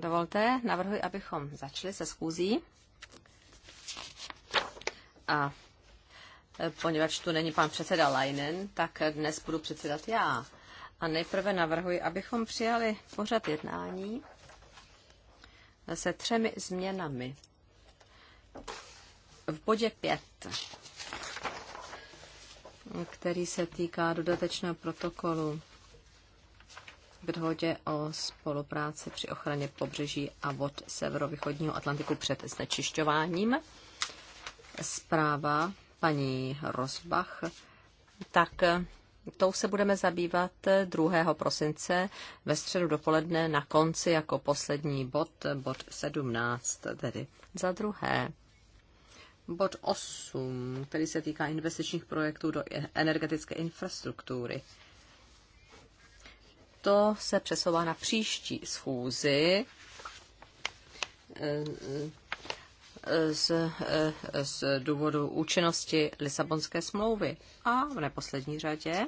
Dovolte, navrhuji, abychom začali se schůzí. A e, poněvadž tu není pan předseda Leinen, tak dnes budu předsedat já. A nejprve navrhuji, abychom přijali pořad jednání se třemi změnami. V bodě 5, který se týká dodatečného protokolu k dohodě o spolupráci při ochraně pobřeží a vod severovýchodního Atlantiku před znečišťováním. Zpráva paní Rozbach. Tak tou se budeme zabývat 2. prosince ve středu dopoledne na konci jako poslední bod, bod 17 tedy. Za druhé, bod 8, který se týká investičních projektů do energetické infrastruktury to se přesouvá na příští schůzi eh, eh, z, eh, z důvodu účinnosti Lisabonské smlouvy. A v neposlední řadě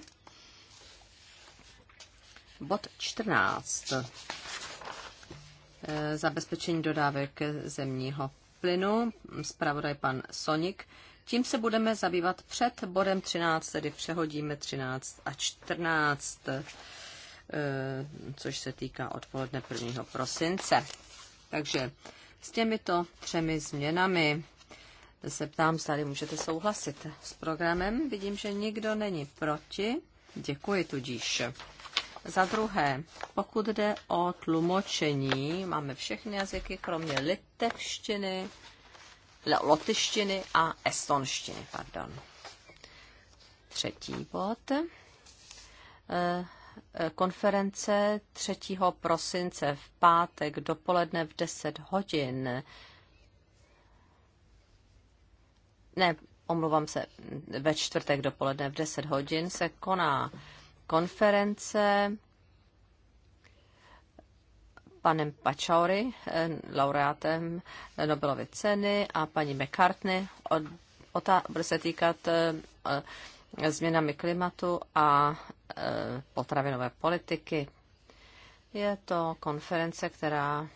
bod 14. Zabezpečení dodávek zemního plynu, zpravodaj pan Sonik. Tím se budeme zabývat před bodem 13, tedy přehodíme 13 a 14. Eh, což se týká odpoledne 1. prosince. Takže s těmito třemi změnami se ptám, zdali můžete souhlasit s programem. Vidím, že nikdo není proti. Děkuji tudíž. Za druhé, pokud jde o tlumočení, máme všechny jazyky, kromě litevštiny, lotyštiny a estonštiny. Pardon. Třetí bod. Eh, konference 3. prosince v pátek dopoledne v 10 hodin. Ne, omluvám se, ve čtvrtek dopoledne v 10 hodin se koná konference panem Pachauri, laureátem Nobelovy ceny, a paní McCartney. Od, otá, bude se týkat eh, změnami klimatu a Eh, potravinové politiky. Je to konference, která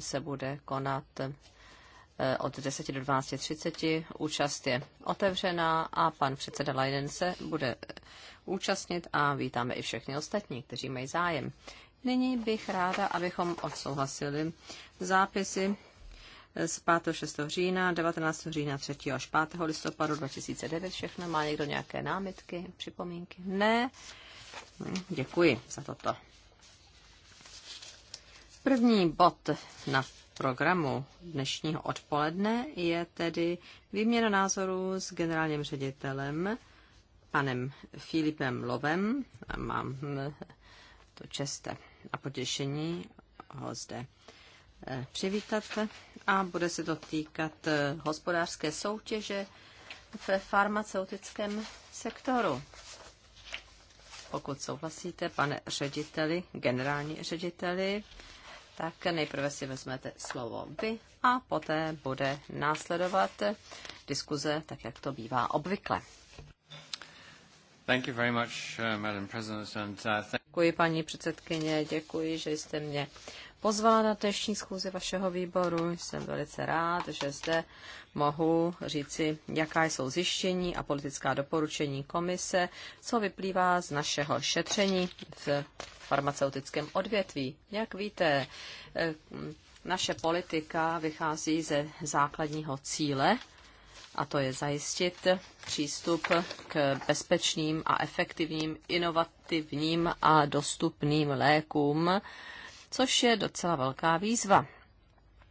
se bude konat eh, od 10 do 12.30. Účast je otevřená a pan předseda Leiden se bude eh, účastnit a vítáme i všechny ostatní, kteří mají zájem. Nyní bych ráda, abychom odsouhlasili zápisy z 5. 6. října, 19. října, 3. až 5. listopadu 2009. Všechno má někdo nějaké námitky, připomínky? Ne. No, děkuji za toto. První bod na programu dnešního odpoledne je tedy výměna názorů s generálním ředitelem panem Filipem Lovem. A mám hm, to česte a potěšení ho zde eh, přivítat a bude se to týkat eh, hospodářské soutěže v farmaceutickém sektoru pokud souhlasíte, pane řediteli, generální řediteli, tak nejprve si vezmete slovo vy a poté bude následovat diskuze, tak jak to bývá obvykle. Thank you very much, uh, Madam President, and uh, thank Děkuji, paní předsedkyně, děkuji, že jste mě pozvala na dnešní schůzi vašeho výboru. Jsem velice rád, že zde mohu říci, jaká jsou zjištění a politická doporučení komise, co vyplývá z našeho šetření v farmaceutickém odvětví. Jak víte, eh, naše politika vychází ze základního cíle a to je zajistit přístup k bezpečným a efektivním, inovativním a dostupným lékům, což je docela velká výzva.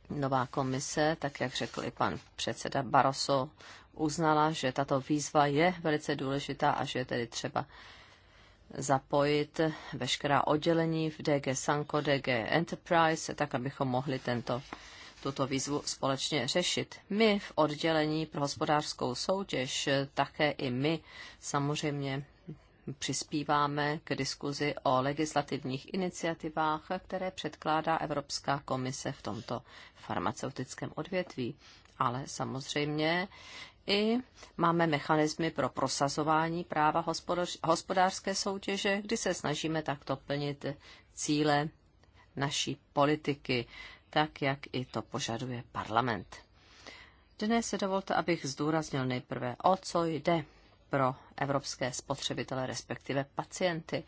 Nová komise, tak jak řekl i pan předseda Barroso, uznala, že tato výzva je velice důležitá a že je tedy třeba zapojit veškerá oddělení v DG Sanko, DG Enterprise, tak abychom mohli tento tuto výzvu společně řešit. My v oddělení pro hospodářskou soutěž, eh, také i my samozřejmě přispíváme k diskuzi o legislativních iniciativách, které předkládá Evropská komise v tomto farmaceutickém odvětví. Ale samozřejmě i máme mechanismy pro prosazování práva hospodářské soutěže, kdy se snažíme takto plnit cíle naší politiky tak jak i to požaduje parlament. Dnes se dovolte, abych zdůraznil nejprve, o co jde pro evropské spotřebitele, respektive pacienty.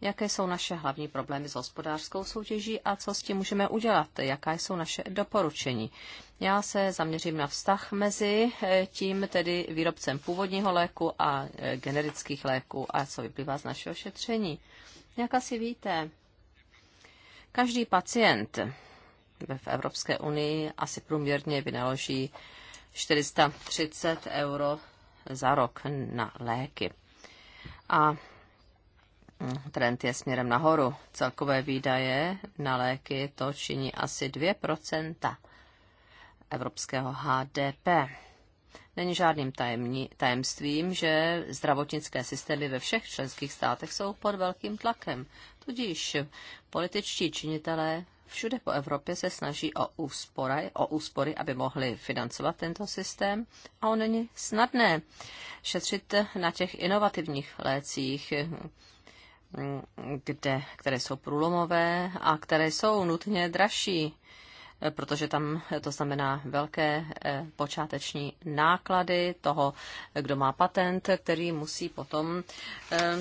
Jaké jsou naše hlavní problémy s hospodářskou soutěží a co s tím můžeme udělat? Jaká jsou naše doporučení? Já se zaměřím na vztah mezi eh, tím tedy výrobcem původního léku a eh, generických léků a co vyplývá z našeho šetření. Jak asi víte, každý pacient v Evropské unii asi průměrně vynaloží 430 euro za rok na léky. A trend je směrem nahoru. Celkové výdaje na léky to činí asi 2 evropského HDP. Není žádným tajemní, tajemstvím, že zdravotnické systémy ve všech členských státech jsou pod velkým tlakem. Tudíž političtí činitelé všude po Evropě se snaží o úspory, o úspory, aby mohli financovat tento systém a on není snadné šetřit na těch inovativních lécích, mm, kde, které jsou průlomové a které jsou nutně dražší protože tam to znamená velké eh, počáteční náklady toho, kdo má patent, který musí potom, eh,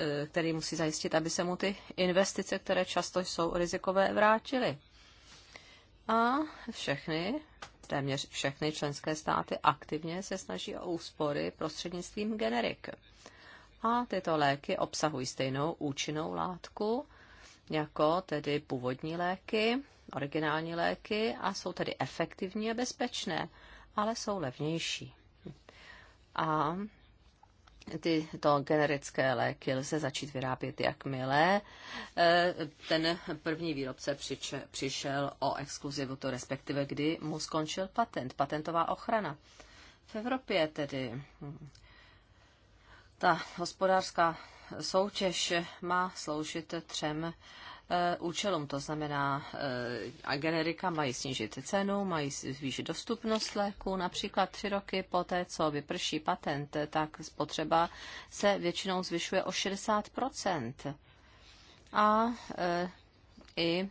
eh, který musí zajistit, aby se mu ty investice, které často jsou rizikové, vrátily. A všechny téměř všechny členské státy aktivně se snaží o úspory prostřednictvím generik. A tyto léky obsahují stejnou účinnou látku, jako tedy původní léky, originální léky a jsou tedy efektivní a bezpečné, ale jsou levnější. A tyto generické léky lze začít vyrábět, jakmile eh, ten první výrobce přišel o exkluzivitu, respektive kdy mu skončil patent, patentová ochrana. V Evropě tedy hm, ta hospodářská soutěž má sloužit třem eh, účelům, to znamená, eh, a generika mají snížit cenu, mají zvýšit dostupnost léku. Například tři roky po té, co vyprší patent, tak spotřeba se většinou zvyšuje o 60 A eh, i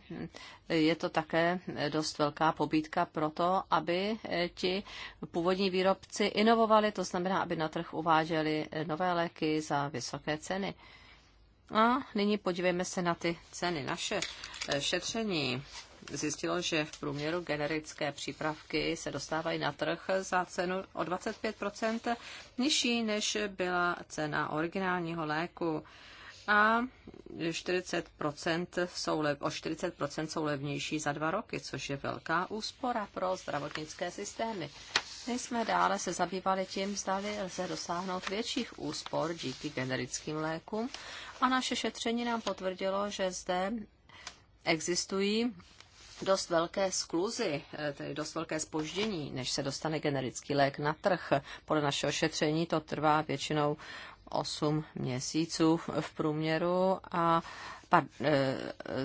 je to také dost velká pobídka pro to, aby ti původní výrobci inovovali, to znamená, aby na trh uváděli nové léky za vysoké ceny. A nyní podívejme se na ty ceny. Naše šetření zjistilo, že v průměru generické přípravky se dostávají na trh za cenu o 25 nižší, než byla cena originálního léku a 40% jsou lev, o 40% jsou levnější za dva roky, což je velká úspora pro zdravotnické systémy. My jsme dále se zabývali tím, zda lze dosáhnout větších úspor díky generickým lékům a naše šetření nám potvrdilo, že zde existují dost velké skluzy, eh, tedy dost velké spoždění, než se dostane generický lék na trh. Podle našeho šetření to trvá většinou 8 měsíců v průměru, a, e,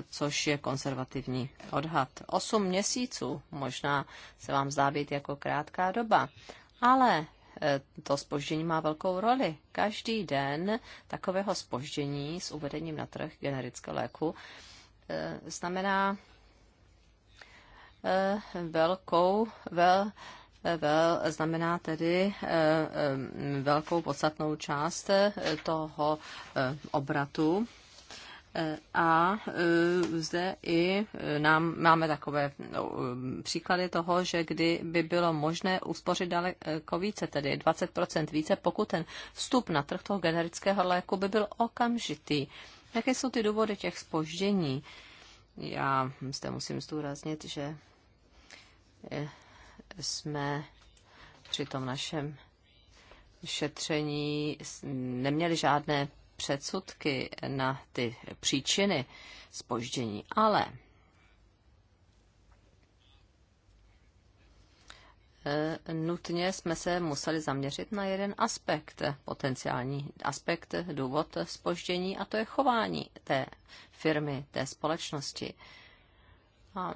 což je konzervativní odhad. 8 měsíců možná se vám zdá být jako krátká doba, ale e, to spoždění má velkou roli. Každý den takového spoždění s uvedením na trh generického léku e, znamená velkou, vel, vel, znamená tedy eh, eh, velkou podstatnou část eh, toho obratu. A zde i nám máme takové příklady toho, že kdy by bylo možné uspořit daleko více, tedy 20% více, pokud ten vstup na trh toho generického léku by byl okamžitý. Jaké jsou ty důvody těch spoždění? Já zde musím zdůraznit, že jsme při tom našem šetření neměli žádné předsudky na ty příčiny spoždění, ale e, nutně jsme se museli zaměřit na jeden aspekt, potenciální aspekt, důvod spoždění, a to je chování té firmy, té společnosti. A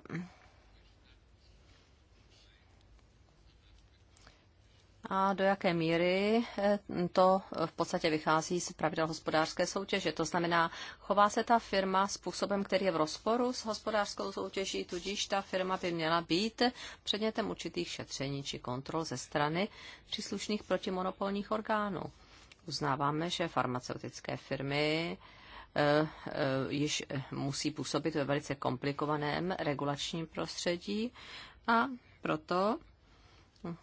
a do jaké míry eh, to v podstatě vychází z pravidel hospodářské soutěže. To znamená, chová se ta firma způsobem, který je v rozporu s hospodářskou soutěží, tudíž ta firma by měla být předmětem určitých šetření či kontrol ze strany příslušných protimonopolních orgánů. Uznáváme, že farmaceutické firmy eh, eh, již musí působit ve velice komplikovaném regulačním prostředí a proto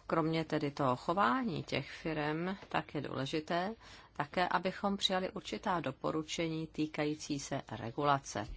kromě tedy toho chování těch firm, tak je důležité také, abychom přijali určitá doporučení týkající se regulace.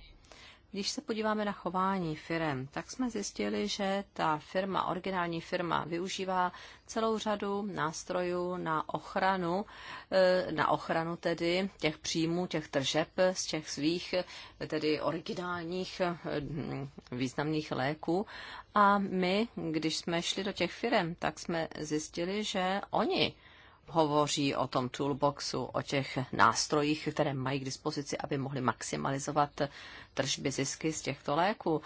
Když se podíváme na chování firm, tak jsme zjistili, že ta firma, originální firma, využívá celou řadu nástrojů na ochranu, eh, na ochranu tedy těch příjmů, těch tržeb z těch svých eh, tedy originálních eh, hm, významných léků. A my, když jsme šli do těch firm, tak jsme zjistili, že oni hovoří o tom toolboxu, o těch nástrojích, které mají k dispozici, aby mohli maximalizovat tržby zisky z těchto léků.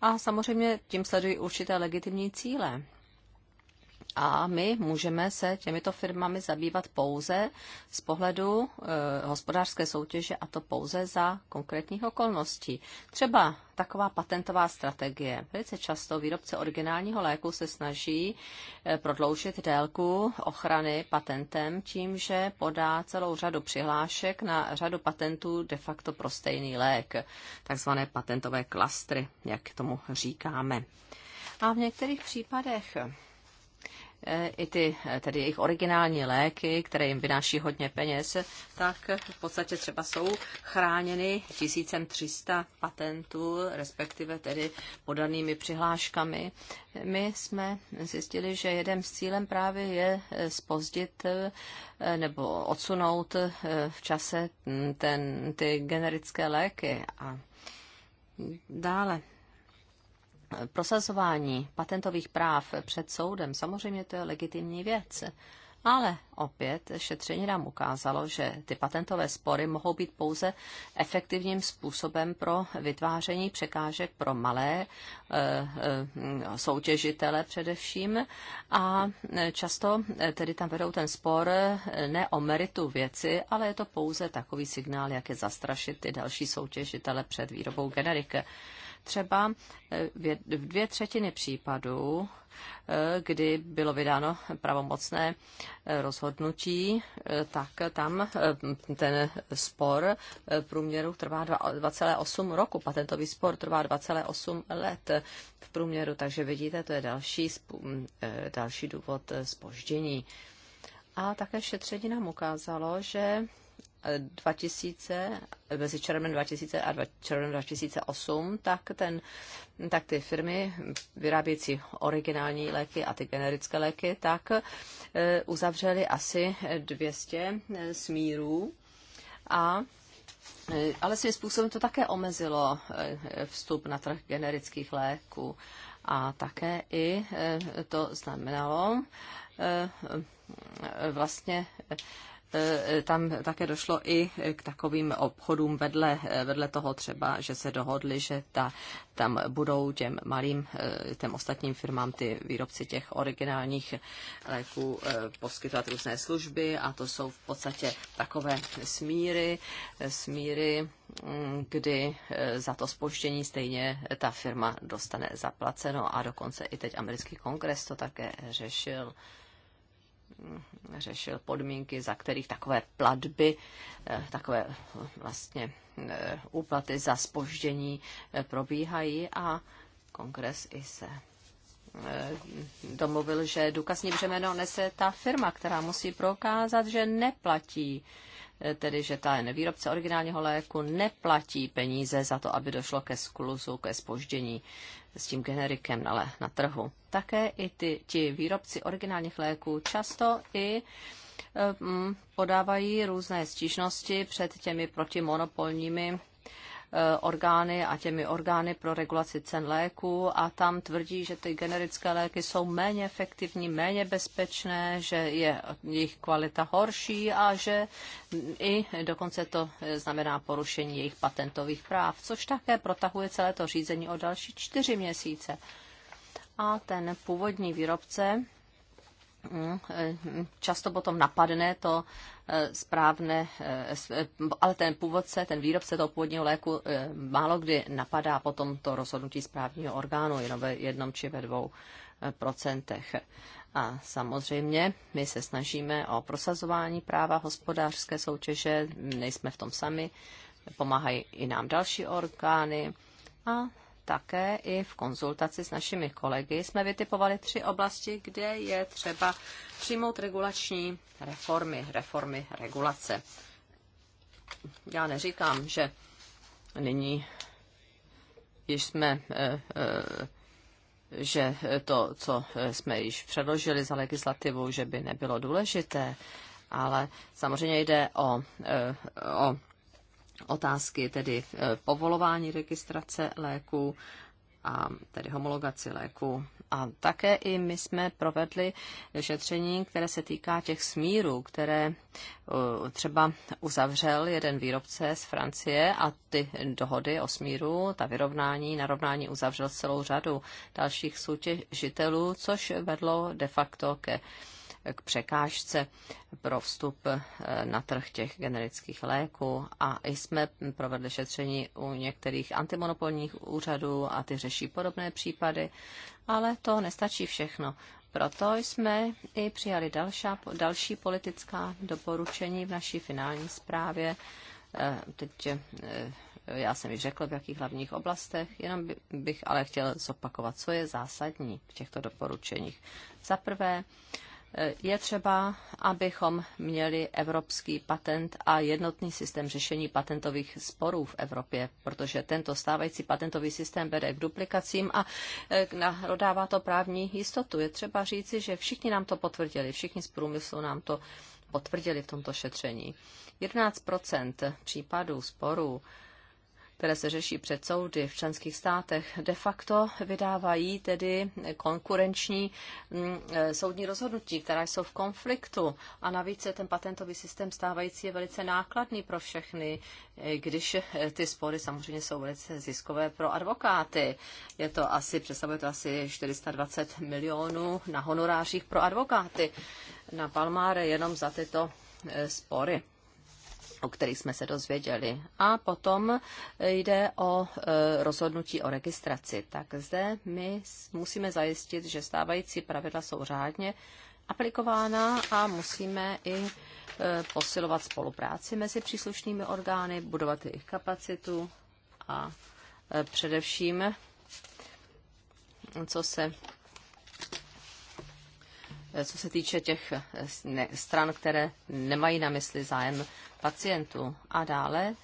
A samozřejmě tím sledují určité legitimní cíle. A my můžeme se těmito firmami zabývat pouze z pohledu e, hospodářské soutěže a to pouze za konkrétních okolností. Třeba taková patentová strategie. Velice často výrobce originálního léku se snaží e, prodloužit délku ochrany patentem tím, že podá celou řadu přihlášek na řadu patentů de facto pro stejný lék, takzvané patentové klastry, jak tomu říkáme. A v některých případech i ty, eh, tedy jejich originální léky, které jim vynáší hodně peněz, tak v podstatě třeba jsou chráněny 1300 patentů, respektive tedy podanými přihláškami. My jsme zjistili, že jeden z cílem právě je eh, spozdit eh, nebo odsunout v čase mm, ten, ty generické léky a dále prosazování patentových práv před soudem, samozřejmě to je legitimní věc. Ale opět šetření nám ukázalo, že ty patentové spory mohou být pouze efektivním způsobem pro vytváření překážek pro malé e, e, soutěžitele především. A často eh, tedy tam vedou ten spor ne o meritu věci, ale je to pouze takový signál, jak je zastrašit ty další soutěžitele před výrobou generik třeba eh, v dvě třetiny případů, eh, kdy bylo vydáno pravomocné eh, rozhodnutí, tak tam ten spor v průměru trvá 2,8 roku. Patentový spor trvá 2,8 let v průměru, takže vidíte, to je další, mm, další důvod spoždění. A také šetření nám ukázalo, že 2000, mezi červnem 2000 a červnem 2008, tak, ten, tak ty firmy vyrábějící originální léky a ty generické léky, tak eh, uzavřely asi 200 eh, smírů a eh, ale svým způsobem to také omezilo vstup na trh generických léků. A také i to znamenalo vlastně E, tam také došlo i k takovým obchodům vedle, e, vedle toho třeba, že se dohodli, že ta, tam budou těm malým, e, těm ostatním firmám ty výrobci těch originálních léků poskytovat různé služby a to jsou v podstatě takové smíry, smíry, mm, kdy za to spoštění stejně ta firma dostane zaplaceno a dokonce i teď americký kongres to také řešil řešil podmínky, za kterých takové platby, eh, takové eh, vlastně eh, úplaty za spoždění probíhají a kongres i se domluvil, že důkazní břemeno nese ta firma, která musí prokázat, že neplatí tedy že ta výrobce originálního léku neplatí peníze za to, aby došlo ke skluzu, ke spoždění s tím generikem ale na trhu. Také i ty, ti výrobci originálních léků často i eh, podávají různé stížnosti před těmi protimonopolními Eh, orgány a těmi orgány pro regulaci cen léků a tam tvrdí, že ty generické léky jsou méně efektivní, méně bezpečné, že je jejich kvalita horší a že i dokonce to eh, znamená porušení jejich patentových práv, což také protahuje celé to řízení o další čtyři měsíce. A ten původní výrobce Mm, eh, často potom napadne to eh, správné, eh, ale ten původce, ten výrobce toho původního léku málo kdy napadá potom to rozhodnutí správního orgánu, jenom ve jednom či ve dvou procentech. A samozřejmě my se snažíme o prosazování práva hospodářské soutěže, nejsme v tom sami, pomáhají i nám další orgány a také i v konzultaci s našimi kolegy jsme vytipovali tři oblasti, kde je třeba přijmout regulační reformy, reformy regulace. Já neříkám, že nyní již jsme eh, eh, že to, co jsme již předložili za legislativu, že by nebylo důležité, ale samozřejmě jde o, eh, o otázky tedy eh, povolování registrace léků a tedy homologaci léku. A také i my jsme provedli šetření, které se týká těch smírů, které eh, třeba uzavřel jeden výrobce z Francie a ty dohody o smíru, ta vyrovnání, narovnání uzavřel celou řadu dalších soutěžitelů, což vedlo de facto ke k překážce pro vstup eh, na trh těch generických léků a jsme provedli šetření u některých antimonopolních úřadů a ty řeší podobné případy, ale to nestačí všechno. Proto jsme i přijali další, další politická doporučení v naší finální zprávě. Eh, teď eh, já jsem již řekl, v jakých hlavních oblastech, jenom bych ale chtěl zopakovat, co je zásadní v těchto doporučeních. Za prvé, je třeba, abychom měli evropský patent a jednotný systém řešení patentových sporů v Evropě, protože tento stávající patentový systém vede k duplikacím a e, rodává to právní jistotu. Je třeba říci, že všichni nám to potvrdili, všichni z průmyslu nám to potvrdili v tomto šetření. 11 případů sporů které se řeší před soudy v členských státech, de facto vydávají tedy konkurenční mm, eh, soudní rozhodnutí, která jsou v konfliktu. A navíc ten patentový systém stávající je velice nákladný pro všechny, eh, když eh, ty spory samozřejmě jsou velice ziskové pro advokáty. Je to asi, představuje to asi 420 milionů na honorářích pro advokáty na Palmáre jenom za tyto spory o kterých jsme se dozvěděli. A potom jde o e, rozhodnutí o registraci. Tak zde my musíme zajistit, že stávající pravidla jsou řádně aplikována a musíme i e, posilovat spolupráci mezi příslušnými orgány, budovat jejich kapacitu a e, především, co se co se týče těch stran, které nemají na mysli zájem pacientů. A dále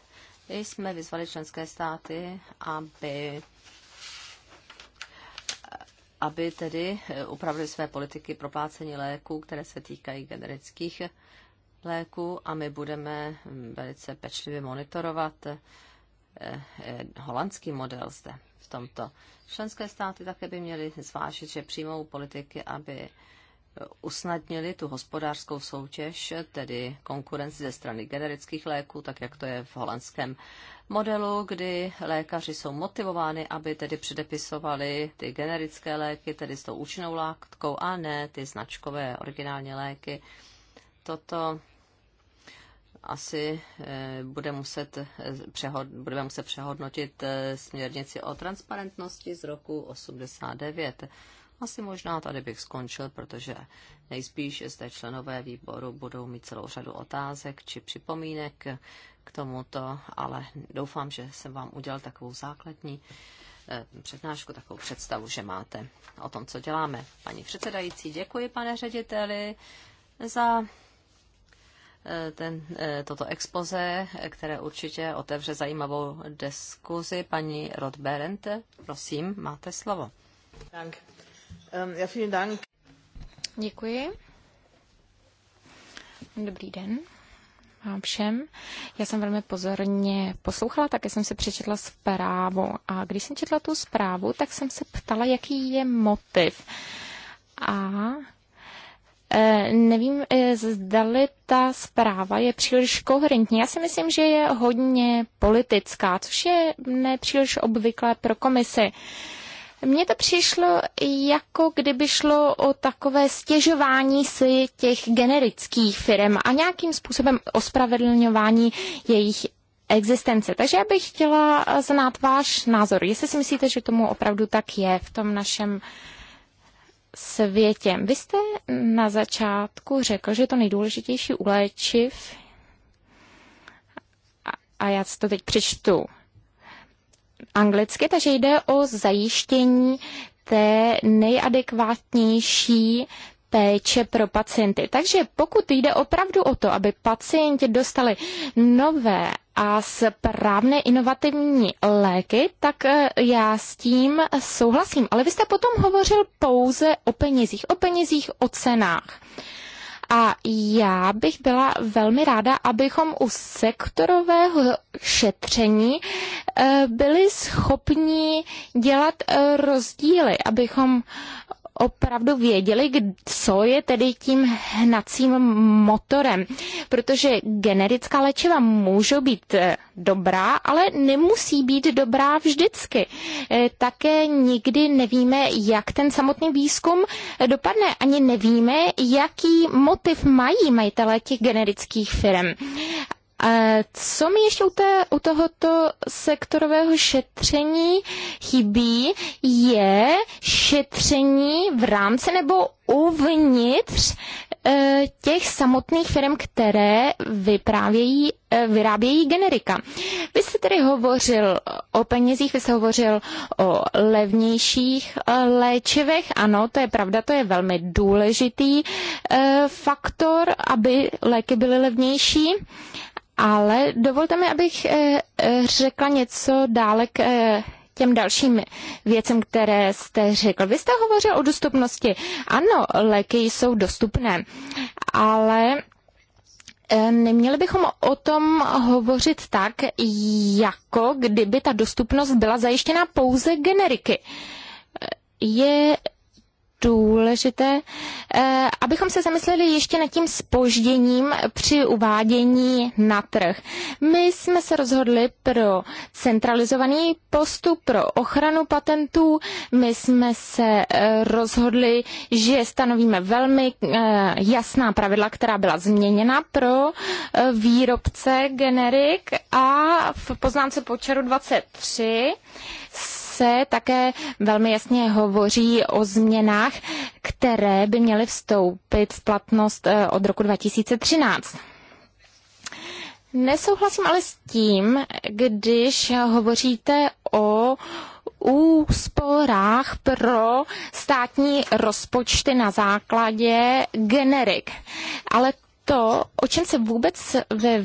jsme vyzvali členské státy, aby aby tedy eh, upravili své politiky proplácení léků, které se týkají generických léků a my budeme hm, velice pečlivě monitorovat eh, eh, holandský model zde v tomto. Členské státy také by měly zvážit, že přijmou politiky, aby usnadnili tu hospodářskou soutěž, tedy konkurenci ze strany generických léků, tak jak to je v holandském modelu, kdy lékaři jsou motivováni, aby tedy předepisovali ty generické léky, tedy s tou účinnou látkou, a ne ty značkové originální léky. Toto asi eh, bude muset eh, přehod, budeme muset přehodnotit eh, směrnici o transparentnosti z roku 89 asi možná tady bych skončil, protože nejspíš zde členové výboru budou mít celou řadu otázek či připomínek k tomuto, ale doufám, že jsem vám udělal takovou základní eh, přednášku, takovou představu, že máte o tom, co děláme. Paní předsedající, děkuji, pane řediteli, za eh, ten, eh, toto expoze, které určitě otevře zajímavou diskuzi. Paní Rodberent, prosím, máte slovo. Dank. Um, Děkuji. Dobrý den vám všem. Já jsem velmi pozorně poslouchala, také jsem si přečetla zprávu. A když jsem četla tu zprávu, tak jsem se ptala, jaký je motiv. A e, Nevím, e, zdali ta zpráva je příliš koherentní. Já si myslím, že je hodně politická, což je nepříliš obvyklé pro komisi. Mně to přišlo, jako kdyby šlo o takové stěžování si těch generických firm a nějakým způsobem ospravedlňování jejich existence. Takže já bych chtěla znát váš názor, jestli si myslíte, že tomu opravdu tak je v tom našem světě. Vy jste na začátku řekl, že to nejdůležitější u léčiv, a já si to teď přečtu anglicky, takže jde o zajištění té nejadekvátnější péče pro pacienty. Takže pokud jde opravdu o to, aby pacienti dostali nové a správné inovativní léky, tak eh, já s tím souhlasím. Ale vy jste potom hovořil pouze o penězích, o penězích, o cenách. A já bych byla velmi ráda, abychom u sektorového šetření eh, byli schopni dělat eh, rozdíly, abychom opravdu věděli, co je tedy tím hnacím motorem. Protože generická léčiva můžou být eh, dobrá, ale nemusí být dobrá vždycky. Eh, také nikdy nevíme, jak ten samotný výzkum eh, dopadne. Ani nevíme, jaký motiv mají majitelé těch generických firm. Co mi ještě u, té, u tohoto sektorového šetření chybí, je šetření v rámci nebo uvnitř e, těch samotných firm, které vyprávějí, e, vyrábějí generika. Vy jste tedy hovořil o penězích, vy jste hovořil o levnějších e, léčivech. Ano, to je pravda, to je velmi důležitý faktor, aby léky byly levnější. Ale dovolte mi, abych eh, eh, řekla něco dále k eh, těm dalším věcem, které jste řekl. Vy jste hovořil o dostupnosti. Ano, léky jsou dostupné, ale neměli bychom o tom hovořit tak, jako kdyby ta dostupnost byla zajištěna pouze generiky. Je důležité, eh, abychom se zamysleli ještě nad tím spožděním při uvádění na trh. My jsme se rozhodli pro centralizovaný postup pro ochranu patentů. My jsme se eh, rozhodli, že stanovíme velmi eh, jasná pravidla, která byla změněna pro výrobce generik a v poznámce počaru 23 se také velmi jasně hovoří o změnách, které by měly vstoupit v platnost eh, od roku 2013. Nesouhlasím ale s tím, když hovoříte o úsporách pro státní rozpočty na základě generik. Ale to, o čem se vůbec ve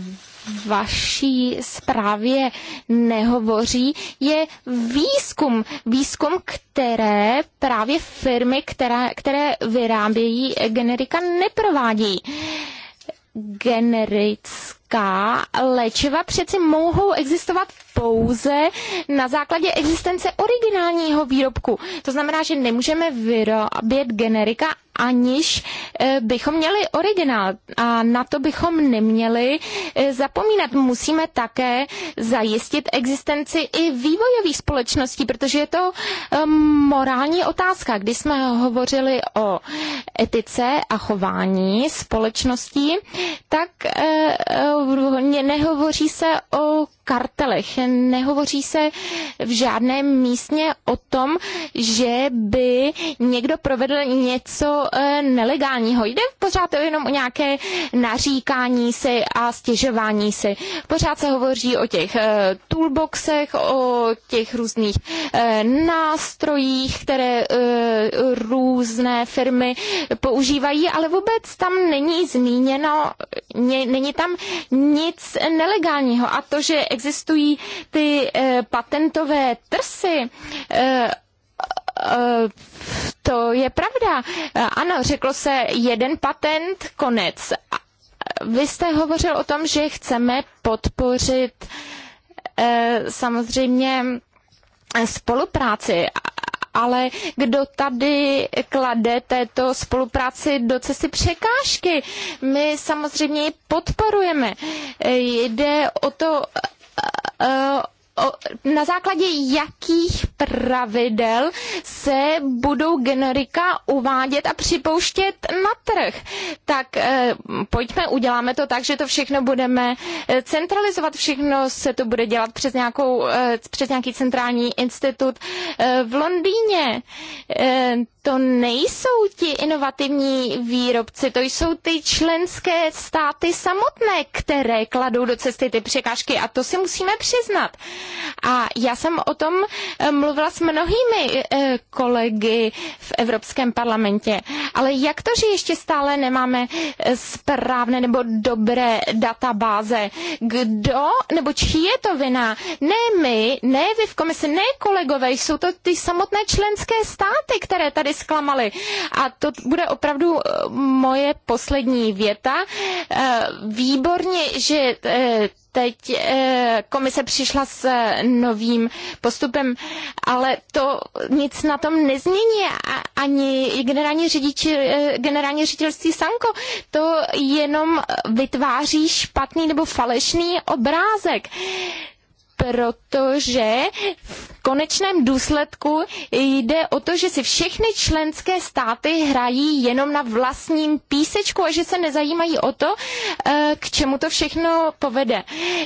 vaší zprávě nehovoří, je výzkum. Výzkum, které právě firmy, které, které vyrábějí generika, neprovádí. Generická léčiva přeci mohou existovat pouze na základě existence originálního výrobku. To znamená, že nemůžeme vyrábět generika, aniž eh, bychom měli originál. A na to bychom neměli eh, zapomínat. Musíme také zajistit existenci i vývojových společností, protože je to eh, morální otázka. Když jsme hovořili o etice a chování společností, tak nehovoří se o kartelech. Nehovoří se v žádném místě o tom, že by někdo provedl něco eh, nelegálního. Jde pořád jenom o nějaké naříkání si a stěžování si. Pořád se hovoří o těch eh, toolboxech, o těch různých eh, nástrojích, které různé firmy používají, ale vůbec tam není zmíněno, není tam nic nelegálního. A to, že existují ty eh, patentové trsy, eh, eh, to je pravda. Ano, řeklo se jeden patent, konec. Vy jste hovořil o tom, že chceme podpořit samozřejmě spolupráci, ale kdo tady klade této spolupráci do cesty překážky? My samozřejmě ji podporujeme. Jde o to, Eh, na základě jakých pravidel se budou generika uvádět a připouštět na trh. Tak eh, pojďme, uděláme to tak, že to všechno budeme eh, centralizovat, všechno se to bude dělat přes, nějakou, přes nějaký centrální institut v Londýně to nejsou ti inovativní výrobci, to jsou ty členské státy samotné, které kladou do cesty ty překážky a to si musíme přiznat. A já jsem o tom eh, mluvila s mnohými eh, kolegy v Evropském parlamentě, ale jak to, že ještě stále nemáme eh, správné nebo dobré databáze? Kdo nebo čí je to vina? Ne my, ne vy v komisi, ne kolegové, jsou to ty samotné členské státy, které tady zklamali. A to bude opravdu eh, moje poslední věta. Eh, výborně, že eh, teď komise přišla s novým postupem, ale to nic na tom nezmění ani generální, generální ředitelství Sanko. To jenom vytváří špatný nebo falešný obrázek protože v konečném důsledku jde o to, že si všechny členské státy hrají jenom na vlastním písečku a že se nezajímají o to, eh, k čemu to všechno povede.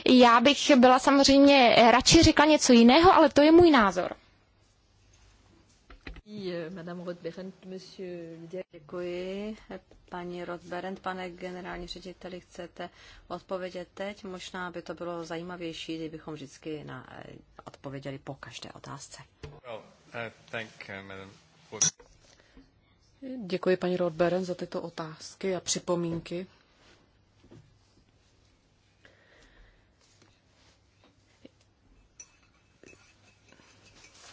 Já bych byla samozřejmě radši řekla něco jiného, ale to je můj názor. Děkuji, eh, Paní Rodberend, pane generální řediteli, chcete odpovědět teď? Možná by to bylo zajímavější, kdybychom vždycky na, eh, odpověděli po každé otázce. Well, uh, Děkuji paní Rodberen za tyto otázky a připomínky.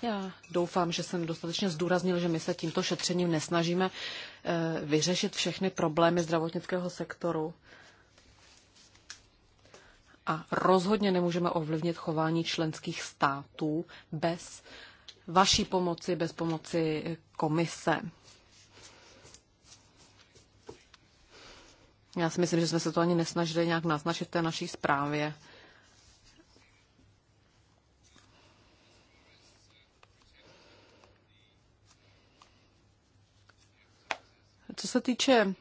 Já doufám, že jsem dostatečně zdůraznil, že my se tímto šetřením nesnažíme eh, vyřešit všechny problémy zdravotnického sektoru. A rozhodně nemůžeme ovlivnit chování členských států bez vaší pomoci, bez pomoci komise. Já si myslím, že jsme se to ani nesnažili nějak naznačit v té naší zprávě. Co se týče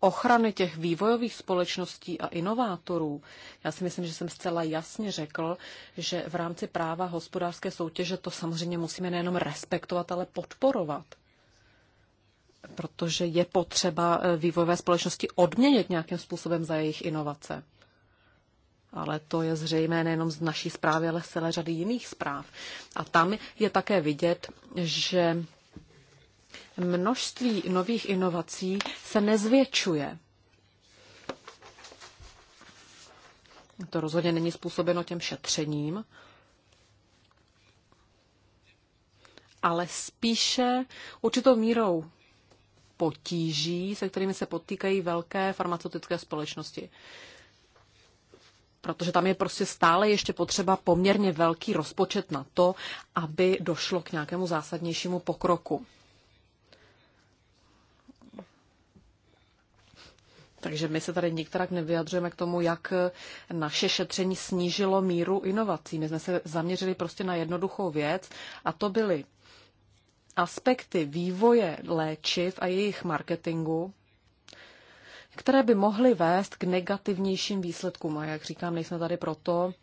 ochrany těch vývojových společností a inovátorů, já si myslím, že jsem zcela jasně řekl, že v rámci práva hospodářské soutěže to samozřejmě musíme nejenom respektovat, ale podporovat. Protože je potřeba eh, vývojové společnosti odměnit nějakým způsobem za jejich inovace. Ale to je zřejmé nejenom z naší zprávy, ale z celé řady jiných zpráv. A tam je také vidět, že množství nových inovací se nezvětšuje. To rozhodně není způsobeno těm šetřením, ale spíše určitou mírou potíží, se kterými se potýkají velké farmaceutické společnosti. Protože tam je prostě stále ještě potřeba poměrně velký rozpočet na to, aby došlo k nějakému zásadnějšímu pokroku. Takže my se tady některak nevyjadřujeme k tomu, jak naše šetření snížilo míru inovací. My jsme se zaměřili prostě na jednoduchou věc a to byly aspekty vývoje léčiv a jejich marketingu, které by mohly vést k negativnějším výsledkům. A jak říkám, nejsme tady proto,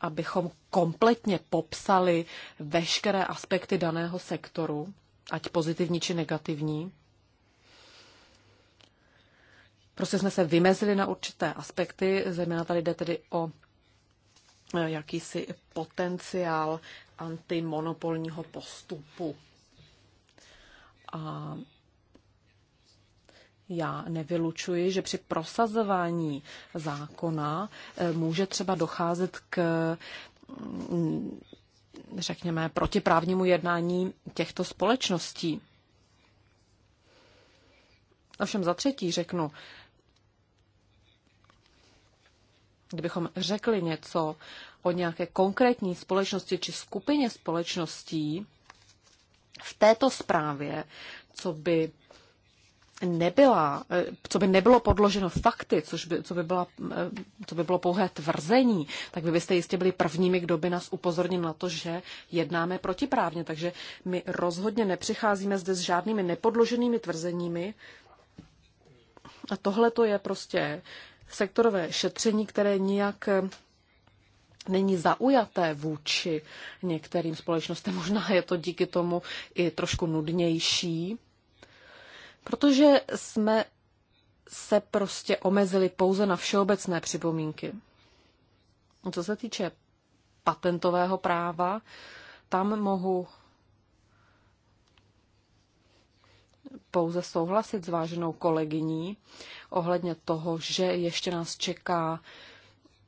abychom kompletně popsali veškeré aspekty daného sektoru, ať pozitivní či negativní. Prostě jsme se vymezili na určité aspekty, zejména tady jde tedy o eh, jakýsi potenciál antimonopolního postupu. A já nevylučuji, že při prosazování zákona eh, může třeba docházet k mm, řekněme, protiprávnímu jednání těchto společností. Ovšem za třetí řeknu, kdybychom řekli něco o nějaké konkrétní společnosti či skupině společností v této zprávě, co by nebyla, co by nebylo podloženo fakty, což by, co, by byla, co by bylo pouhé tvrzení, tak vy byste jistě byli prvními, kdo by nás upozornil na to, že jednáme protiprávně. Takže my rozhodně nepřicházíme zde s žádnými nepodloženými tvrzeními. A tohle to je prostě sektorové šetření, které nijak eh, není zaujaté vůči některým společnostem. Možná je to díky tomu i trošku nudnější, protože jsme se prostě omezili pouze na všeobecné připomínky. Co se týče patentového práva, tam mohu pouze souhlasit s váženou kolegyní ohledně toho, že ještě nás čeká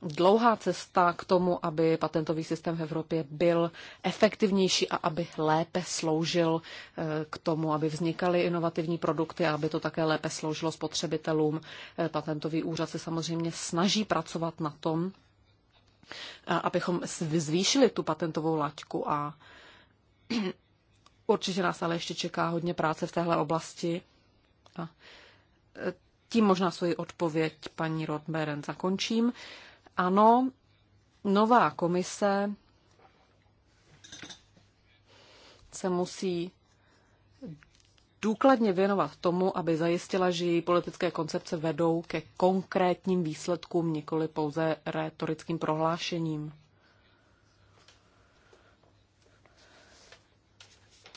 dlouhá cesta k tomu, aby patentový systém v Evropě byl efektivnější a aby lépe sloužil eh, k tomu, aby vznikaly inovativní produkty a aby to také lépe sloužilo spotřebitelům. Eh, patentový úřad se samozřejmě snaží pracovat na tom, eh, abychom zvýšili tu patentovou laťku a Určitě nás ale ještě čeká hodně práce v téhle oblasti. A e, tím možná svoji odpověď paní Rodberen zakončím. Ano, nová komise se musí důkladně věnovat tomu, aby zajistila, že její politické koncepce vedou ke konkrétním výsledkům, nikoli pouze rétorickým prohlášením.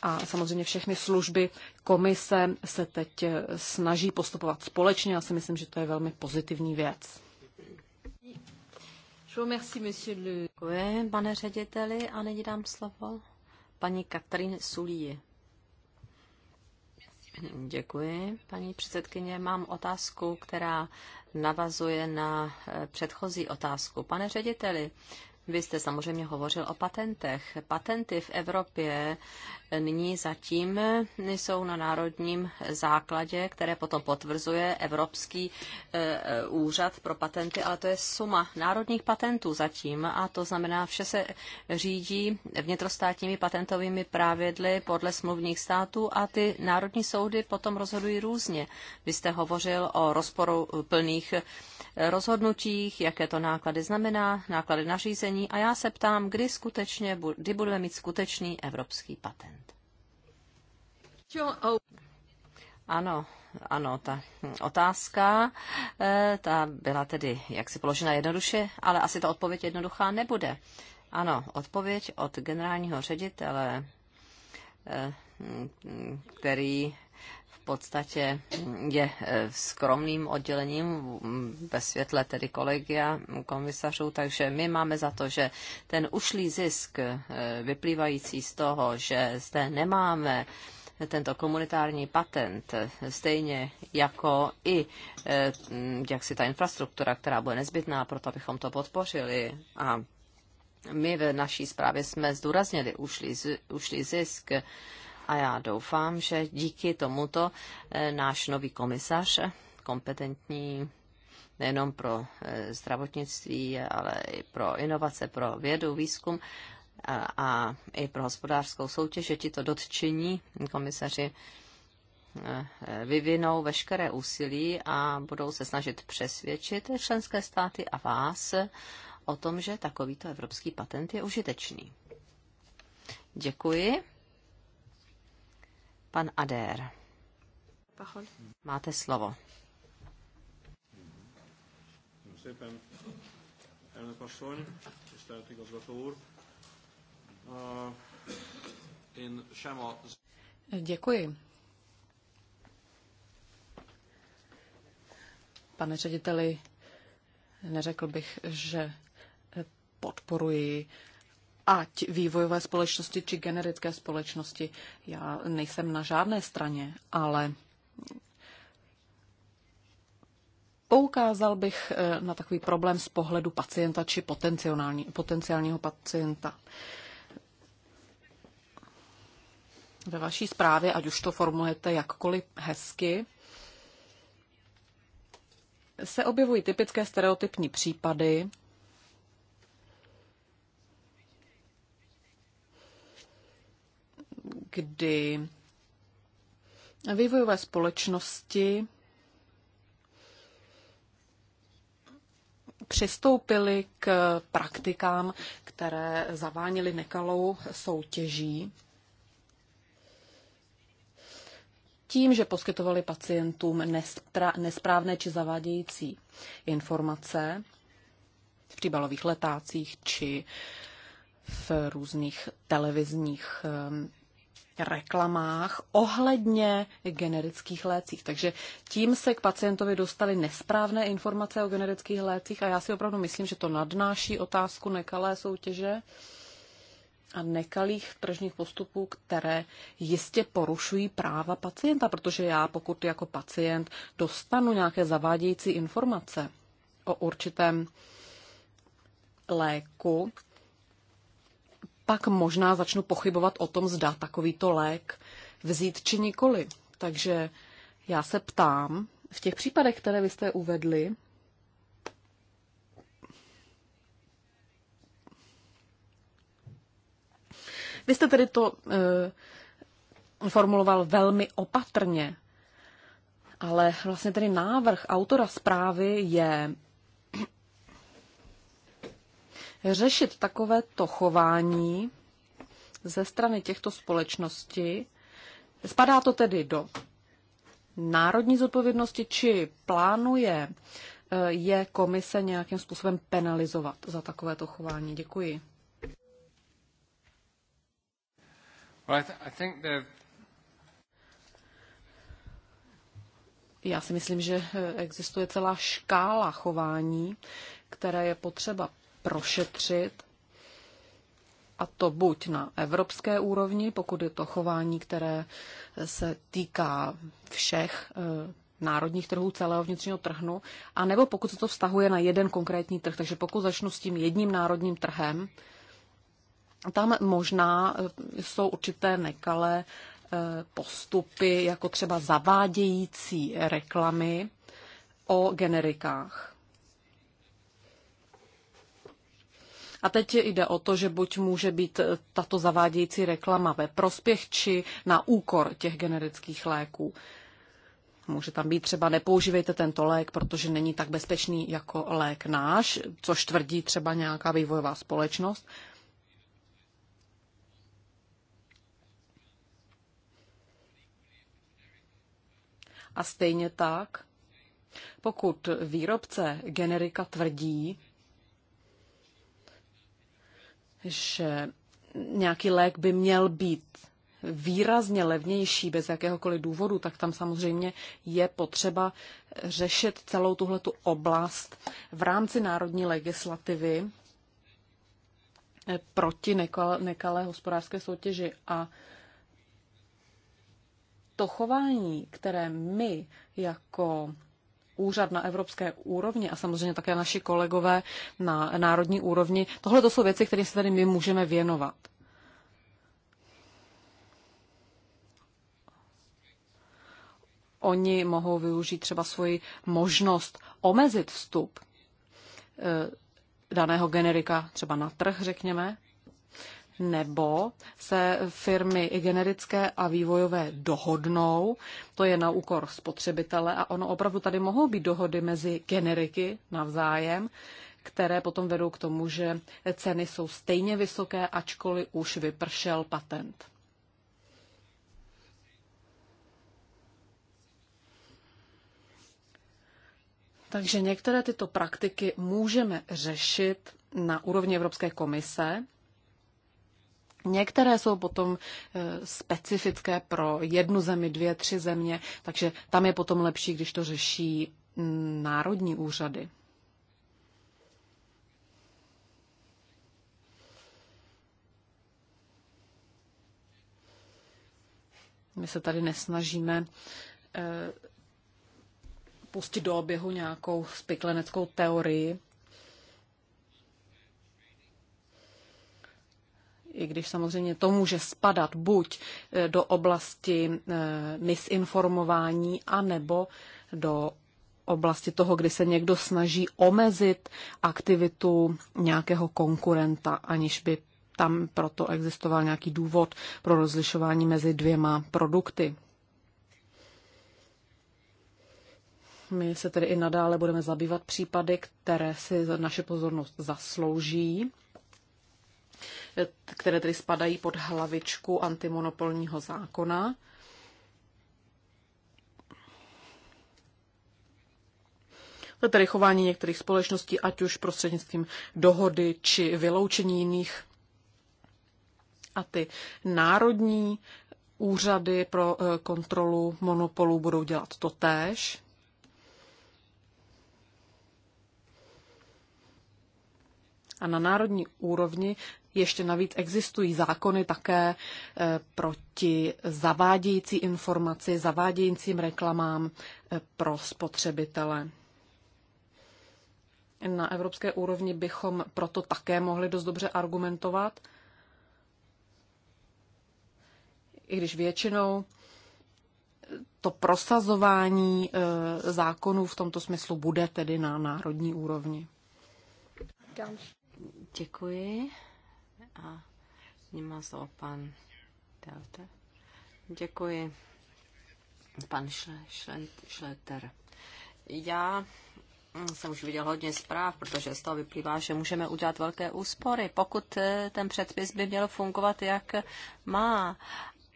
a samozřejmě všechny služby komise se teď snaží postupovat společně. Já si myslím, že to je velmi pozitivní věc. Děkuji, pane řediteli, a nyní dám slovo paní Katrin Sulí. Děkuji, paní předsedkyně. Mám otázku, která navazuje na eh, předchozí otázku. Pane řediteli, vy jste samozřejmě hovořil o patentech. Patenty v Evropě nyní zatím jsou na národním základě, které potom potvrzuje Evropský eh, eh, úřad pro patenty, ale to je suma národních patentů zatím a to znamená, vše se řídí vnitrostátními patentovými pravidly podle smluvních států a ty národní soudy potom rozhodují různě. Vy jste hovořil o rozporu plných eh, rozhodnutích, jaké to náklady znamená, náklady na řízení nařízení a já se ptám, kdy skutečně, kdy budeme mít skutečný evropský patent. Ano, ano, ta otázka, eh, ta byla tedy jaksi položena jednoduše, ale asi ta odpověď jednoduchá nebude. Ano, odpověď od generálního ředitele, eh, který podstatě je eh, skromným oddělením ve světle tedy kolegia komisařů, takže my máme za to, že ten ušlý zisk eh, vyplývající z toho, že zde nemáme tento komunitární patent, eh, stejně jako i jak si ta infrastruktura, která bude nezbytná pro to, abychom to podpořili a my v naší zprávě jsme zdůraznili ušlý, ušlý zisk, a já doufám, že díky tomuto eh, náš nový komisař, kompetentní nejenom pro eh, zdravotnictví, ale i pro inovace, pro vědu, výzkum a, i pro hospodářskou soutěž, že tito dotčení komisaři eh, vyvinou veškeré úsilí a budou se snažit přesvědčit členské státy a vás o tom, že takovýto evropský patent je užitečný. Děkuji. Pan Adér. Máte slovo. Děkuji. Pane řediteli, neřekl bych, že podporuji ať vývojové společnosti či generické společnosti. Já nejsem na žádné straně, ale poukázal bych eh, na takový problém z pohledu pacienta či potenciální, potenciálního pacienta. Ve vaší zprávě, ať už to formulujete jakkoliv hezky, se objevují typické stereotypní případy, kdy vývojové společnosti přistoupily k praktikám, které zaváněly nekalou soutěží. Tím, že poskytovali pacientům nesprávné či zavádějící informace v příbalových letácích či v různých televizních ehm, reklamách ohledně generických lécích. Takže tím se k pacientovi dostaly nesprávné informace o generických lécích a já si opravdu myslím, že to nadnáší otázku nekalé soutěže a nekalých tržních postupů, které jistě porušují práva pacienta, protože já pokud jako pacient dostanu nějaké zavádějící informace o určitém léku, pak možná začnu pochybovat o tom, zda takovýto lék vzít či nikoli. Takže já se ptám, v těch případech, které vy jste uvedli, Vy jste tedy to e, formuloval velmi opatrně, ale vlastně tedy návrh autora zprávy je řešit takové to chování ze strany těchto společností. Spadá to tedy do národní zodpovědnosti, či plánuje eh, je komise nějakým způsobem penalizovat za takovéto chování? Děkuji. Já si myslím, že eh, existuje celá škála chování, které je potřeba prošetřit, a to buď na evropské úrovni, pokud je to chování, které se týká všech eh, národních trhů celého vnitřního trhnu, a nebo pokud se to vztahuje na jeden konkrétní trh. Takže pokud začnu s tím jedním národním trhem, tam možná eh, jsou určité nekalé eh, postupy, jako třeba zavádějící reklamy o generikách. A teď jde o to, že buď může být eh, tato zavádějící reklama ve prospěch či na úkor těch generických léků. Může tam být třeba nepoužívejte tento lék, protože není tak bezpečný jako lék náš, což tvrdí třeba nějaká vývojová společnost. A stejně tak, pokud výrobce generika tvrdí, že nějaký lék by měl být výrazně levnější bez jakéhokoliv důvodu, tak tam samozřejmě je potřeba řešit celou tuhletu oblast v rámci národní legislativy eh, proti nekalé, hospodářské soutěži. A to chování, které my jako úřad na evropské úrovni a samozřejmě také naši kolegové na národní úrovni. Tohle to jsou věci, které se tady my můžeme věnovat. Oni mohou využít třeba svoji možnost omezit vstup eh, daného generika třeba na trh, řekněme, nebo se firmy i generické a vývojové dohodnou, to je na úkor spotřebitele a ono opravdu tady mohou být dohody mezi generiky navzájem, které potom vedou k tomu, že ceny jsou stejně vysoké, ačkoliv už vypršel patent. Takže některé tyto praktiky můžeme řešit na úrovni Evropské komise Některé jsou potom e, specifické pro jednu zemi, dvě, tři země, takže tam je potom lepší, když to řeší národní úřady. My se tady nesnažíme e, pustit do oběhu nějakou spikleneckou teorii, i když samozřejmě to může spadat buď e, do oblasti e, misinformování, anebo do oblasti toho, kdy se někdo snaží omezit aktivitu nějakého konkurenta, aniž by tam proto existoval nějaký důvod pro rozlišování mezi dvěma produkty. My se tedy i nadále budeme zabývat případy, které si naše pozornost zaslouží které tedy spadají pod hlavičku antimonopolního zákona. To tedy chování některých společností, ať už prostřednictvím dohody či vyloučení jiných. A ty národní úřady pro eh, kontrolu monopolů budou dělat to též. A na národní úrovni ještě navíc existují zákony také eh, proti zavádějící informaci, zavádějícím reklamám eh, pro spotřebitele. Na evropské úrovni bychom proto také mohli dost dobře argumentovat, i když většinou to prosazování eh, zákonů v tomto smyslu bude tedy na národní úrovni. Děkuji a vnímá slovo pan Delte. Děkuji. Pan Šleter. Já jsem už viděl hodně zpráv, protože z toho vyplývá, že můžeme udělat velké úspory, pokud eh, ten předpis by měl fungovat, jak má.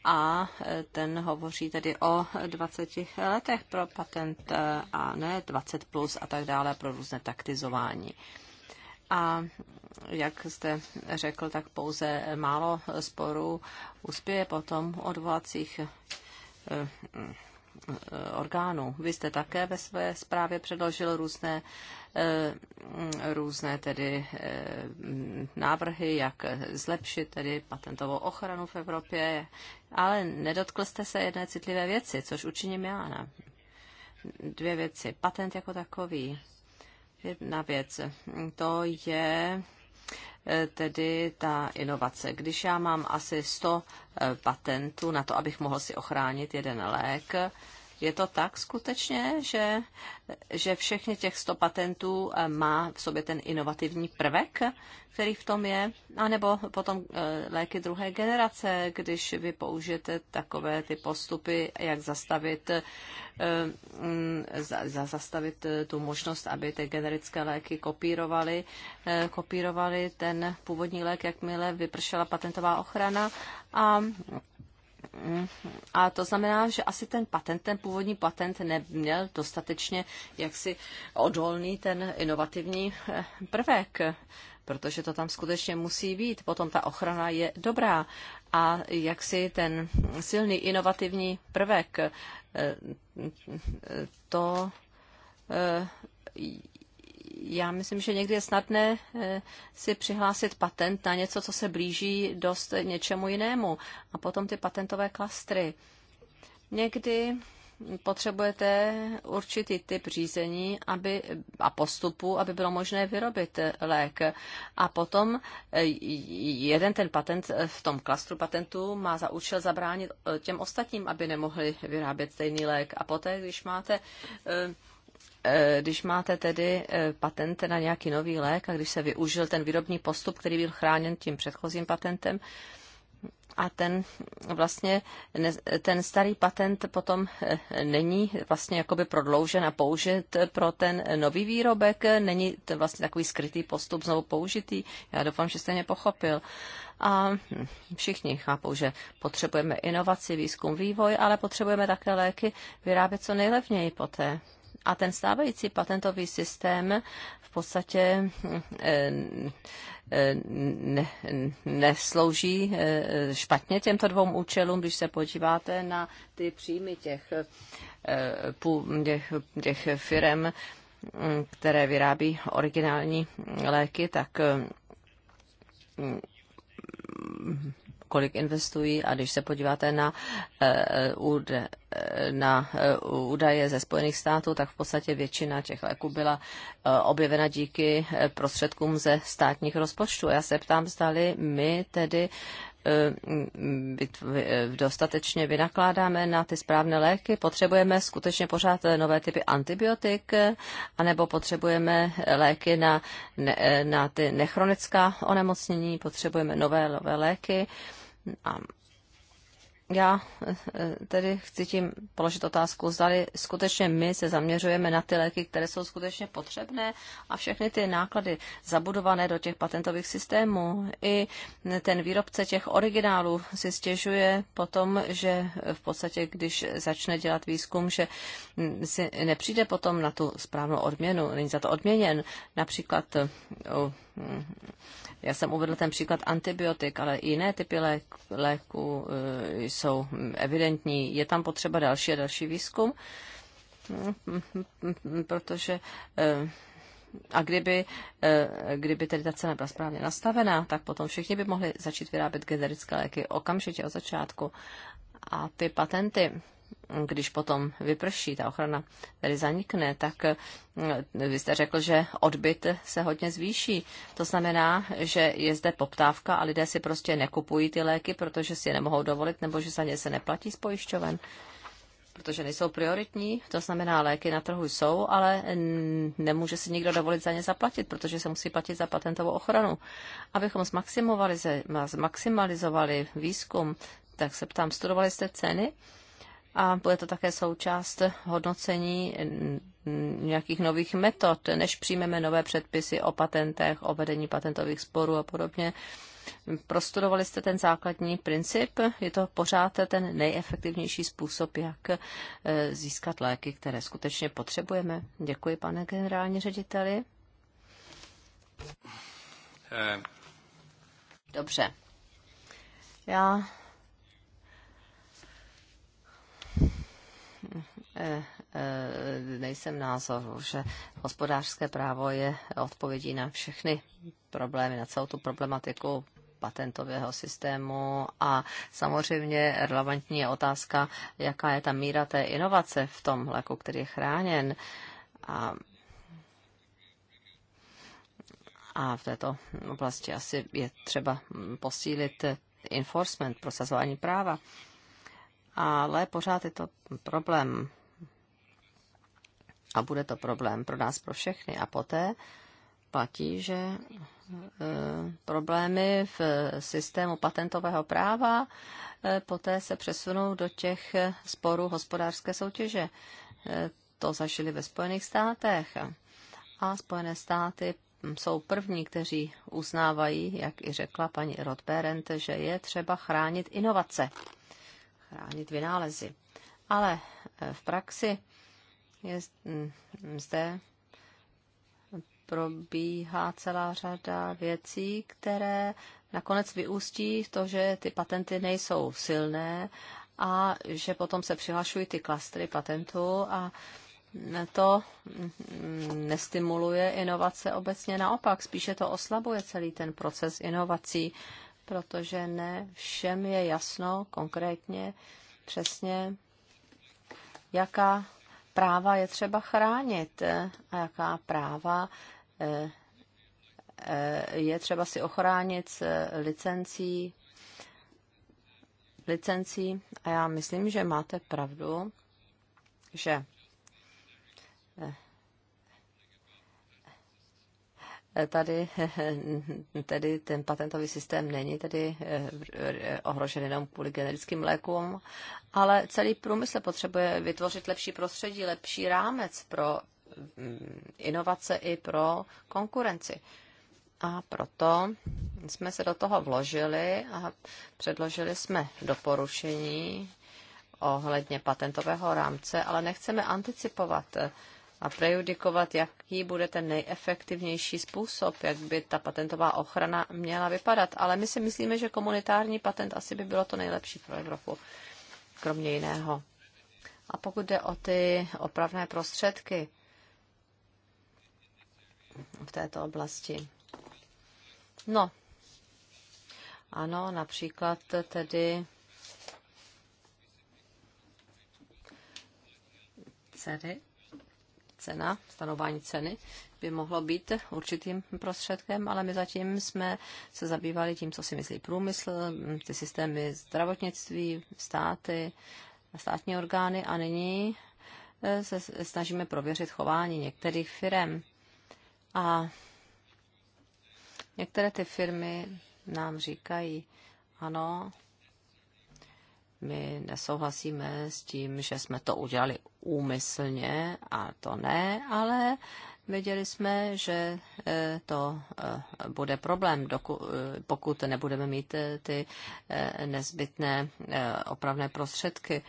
A eh, ten hovoří tedy o 20 letech pro patent eh, a ne 20 plus a tak dále pro různé taktizování. A jak jste řekl, tak pouze málo sporů uspěje potom odvolacích eh, eh, orgánů. Vy jste také ve své zprávě předložil různé, eh, různé tedy návrhy, jak zlepšit tedy patentovou ochranu v Evropě, ale nedotkl jste se jedné citlivé věci, což učiním já. Ne? Dvě věci. Patent jako takový. Jedna věc, to je Eh, tedy ta inovace. Když já mám asi 100 eh, patentů na to, abych mohl si ochránit jeden lék, je to tak skutečně, že, že všechny těch 100 patentů eh, má v sobě ten inovativní prvek, který v tom je? A nebo potom eh, léky druhé generace, když vy použijete takové ty postupy, jak zastavit, eh, mm, za, zastavit tu možnost, aby ty generické léky kopírovaly, kopírovaly ten původní lék, jakmile vypršela patentová ochrana a a to znamená, že asi ten patent, ten původní patent neměl dostatečně jaksi odolný ten inovativní eh, prvek, protože to tam skutečně musí být. Potom ta ochrana je dobrá a jaksi ten silný inovativní prvek, eh, to eh, já myslím, že někdy je snadné eh, si přihlásit patent na něco, co se blíží dost něčemu jinému. A potom ty patentové klastry. Někdy potřebujete určitý typ řízení aby, a postupu, aby bylo možné vyrobit eh, lék. A potom eh, jeden ten patent v tom klastru patentů má za účel zabránit těm ostatním, aby nemohli vyrábět stejný lék. A poté, když máte Eh, když máte tedy eh, patent na nějaký nový lék a když se využil ten výrobní postup, který byl chráněn tím předchozím patentem, a ten vlastně, ten starý patent potom eh, není vlastně jakoby prodloužen a použit pro ten nový výrobek, není to vlastně takový skrytý postup znovu použitý. Já doufám, že jste mě pochopil. A všichni chápou, že potřebujeme inovaci, výzkum, vývoj, ale potřebujeme také léky vyrábět co nejlevněji poté. A ten stávající patentový systém v podstatě eh, eh, ne, neslouží eh, špatně těmto dvou účelům, když se podíváte na ty příjmy těch, těch, těch firm, které vyrábí originální léky, tak kolik investují a když se podíváte na, eh, eh, na eh, údaje ze Spojených států, tak v podstatě většina těch léků byla objevena díky prostředkům ze státních rozpočtů. Já se ptám, zdali my tedy E, e, dostatečně vynakládáme na ty správné léky, potřebujeme skutečně pořád nové typy antibiotik, anebo potřebujeme léky na, e, na ty nechronická onemocnění, potřebujeme nové, nové léky. A já eh, eh, tedy chci tím položit otázku, zdali skutečně my se zaměřujeme na ty léky, které jsou skutečně potřebné a všechny ty náklady zabudované do těch patentových systémů. I ten výrobce těch originálů si stěžuje potom, že v podstatě, když začne dělat výzkum, že hm, si nepřijde potom na tu správnou odměnu, není za to odměněn. Například eh, já jsem uvedl ten příklad antibiotik, ale i jiné typy léků eh, jsou evidentní. Je tam potřeba další a další výzkum, mm, protože eh, a kdyby, eh, kdyby tedy ta cena byla správně nastavená, tak potom všichni by mohli začít vyrábět generické léky okamžitě od začátku. A ty patenty když potom vyprší, ta ochrana tedy zanikne, tak eh, vy jste řekl, že odbyt se hodně zvýší. To znamená, že je zde poptávka a lidé si prostě nekupují ty léky, protože si je nemohou dovolit nebo že za ně se neplatí z pojišťoven protože nejsou prioritní, to znamená, léky na trhu jsou, ale nemůže si nikdo dovolit za ně zaplatit, protože se musí platit za patentovou ochranu. Abychom zmaximalizovali výzkum, tak se ptám, studovali jste ceny a bude to také součást hodnocení nějakých nových metod, než přijmeme nové předpisy o patentech, o vedení patentových sporů a podobně. Prostudovali jste ten základní princip? Je to pořád ten nejefektivnější způsob, jak eh, získat léky, které skutečně potřebujeme? Děkuji, pane generální řediteli. Eh. Dobře. Já Eh, eh, nejsem názoru, že hospodářské právo je odpovědí na všechny problémy, na celou tu problematiku patentového systému a samozřejmě relevantní je otázka, jaká je ta míra té inovace v tom léku, který je chráněn. A a v této oblasti asi je třeba posílit enforcement, prosazování práva. Ale pořád je to problém a bude to problém pro nás, pro všechny. A poté platí, že e, problémy v e, systému patentového práva e, poté se přesunou do těch sporů hospodářské soutěže. To zažili ve Spojených státech. A Spojené státy jsou první, kteří uznávají, jak i řekla paní Rodberent, že je třeba chránit inovace, chránit vynálezy. Ale v praxi je mm, zde probíhá celá řada věcí, které nakonec vyústí v to, že ty patenty nejsou silné a že potom se přihlašují ty klastry patentů a to mm, nestimuluje inovace obecně, naopak spíše to oslabuje celý ten proces inovací, protože ne všem je jasno konkrétně přesně, jaká práva je třeba chránit a jaká práva eh, eh, je třeba si ochránit s licencí, licencí. A já myslím, že máte pravdu, že eh, tady tedy ten patentový systém není tedy eh, ohrožen jenom kvůli generickým lékům, ale celý průmysl potřebuje vytvořit lepší prostředí, lepší rámec pro mm, inovace i pro konkurenci. A proto jsme se do toho vložili a předložili jsme doporučení ohledně patentového rámce, ale nechceme anticipovat eh, a prejudikovat, jaký bude ten nejefektivnější způsob, jak by ta patentová ochrana měla vypadat. Ale my si myslíme, že komunitární patent asi by bylo to nejlepší pro Evropu, kromě jiného. A pokud jde o ty opravné prostředky v této oblasti. No, ano, například tedy dcery cena, stanování ceny by mohlo být určitým prostředkem, ale my zatím jsme se zabývali tím, co si myslí průmysl, ty systémy zdravotnictví, státy, státní orgány a nyní eh, se snažíme prověřit chování některých firm. A některé ty firmy nám říkají, ano, my nesouhlasíme s tím, že jsme to udělali úmyslně, a to ne, ale věděli jsme, že e, to e, bude problém, e, pokud nebudeme mít ty nezbytné opravné prostředky.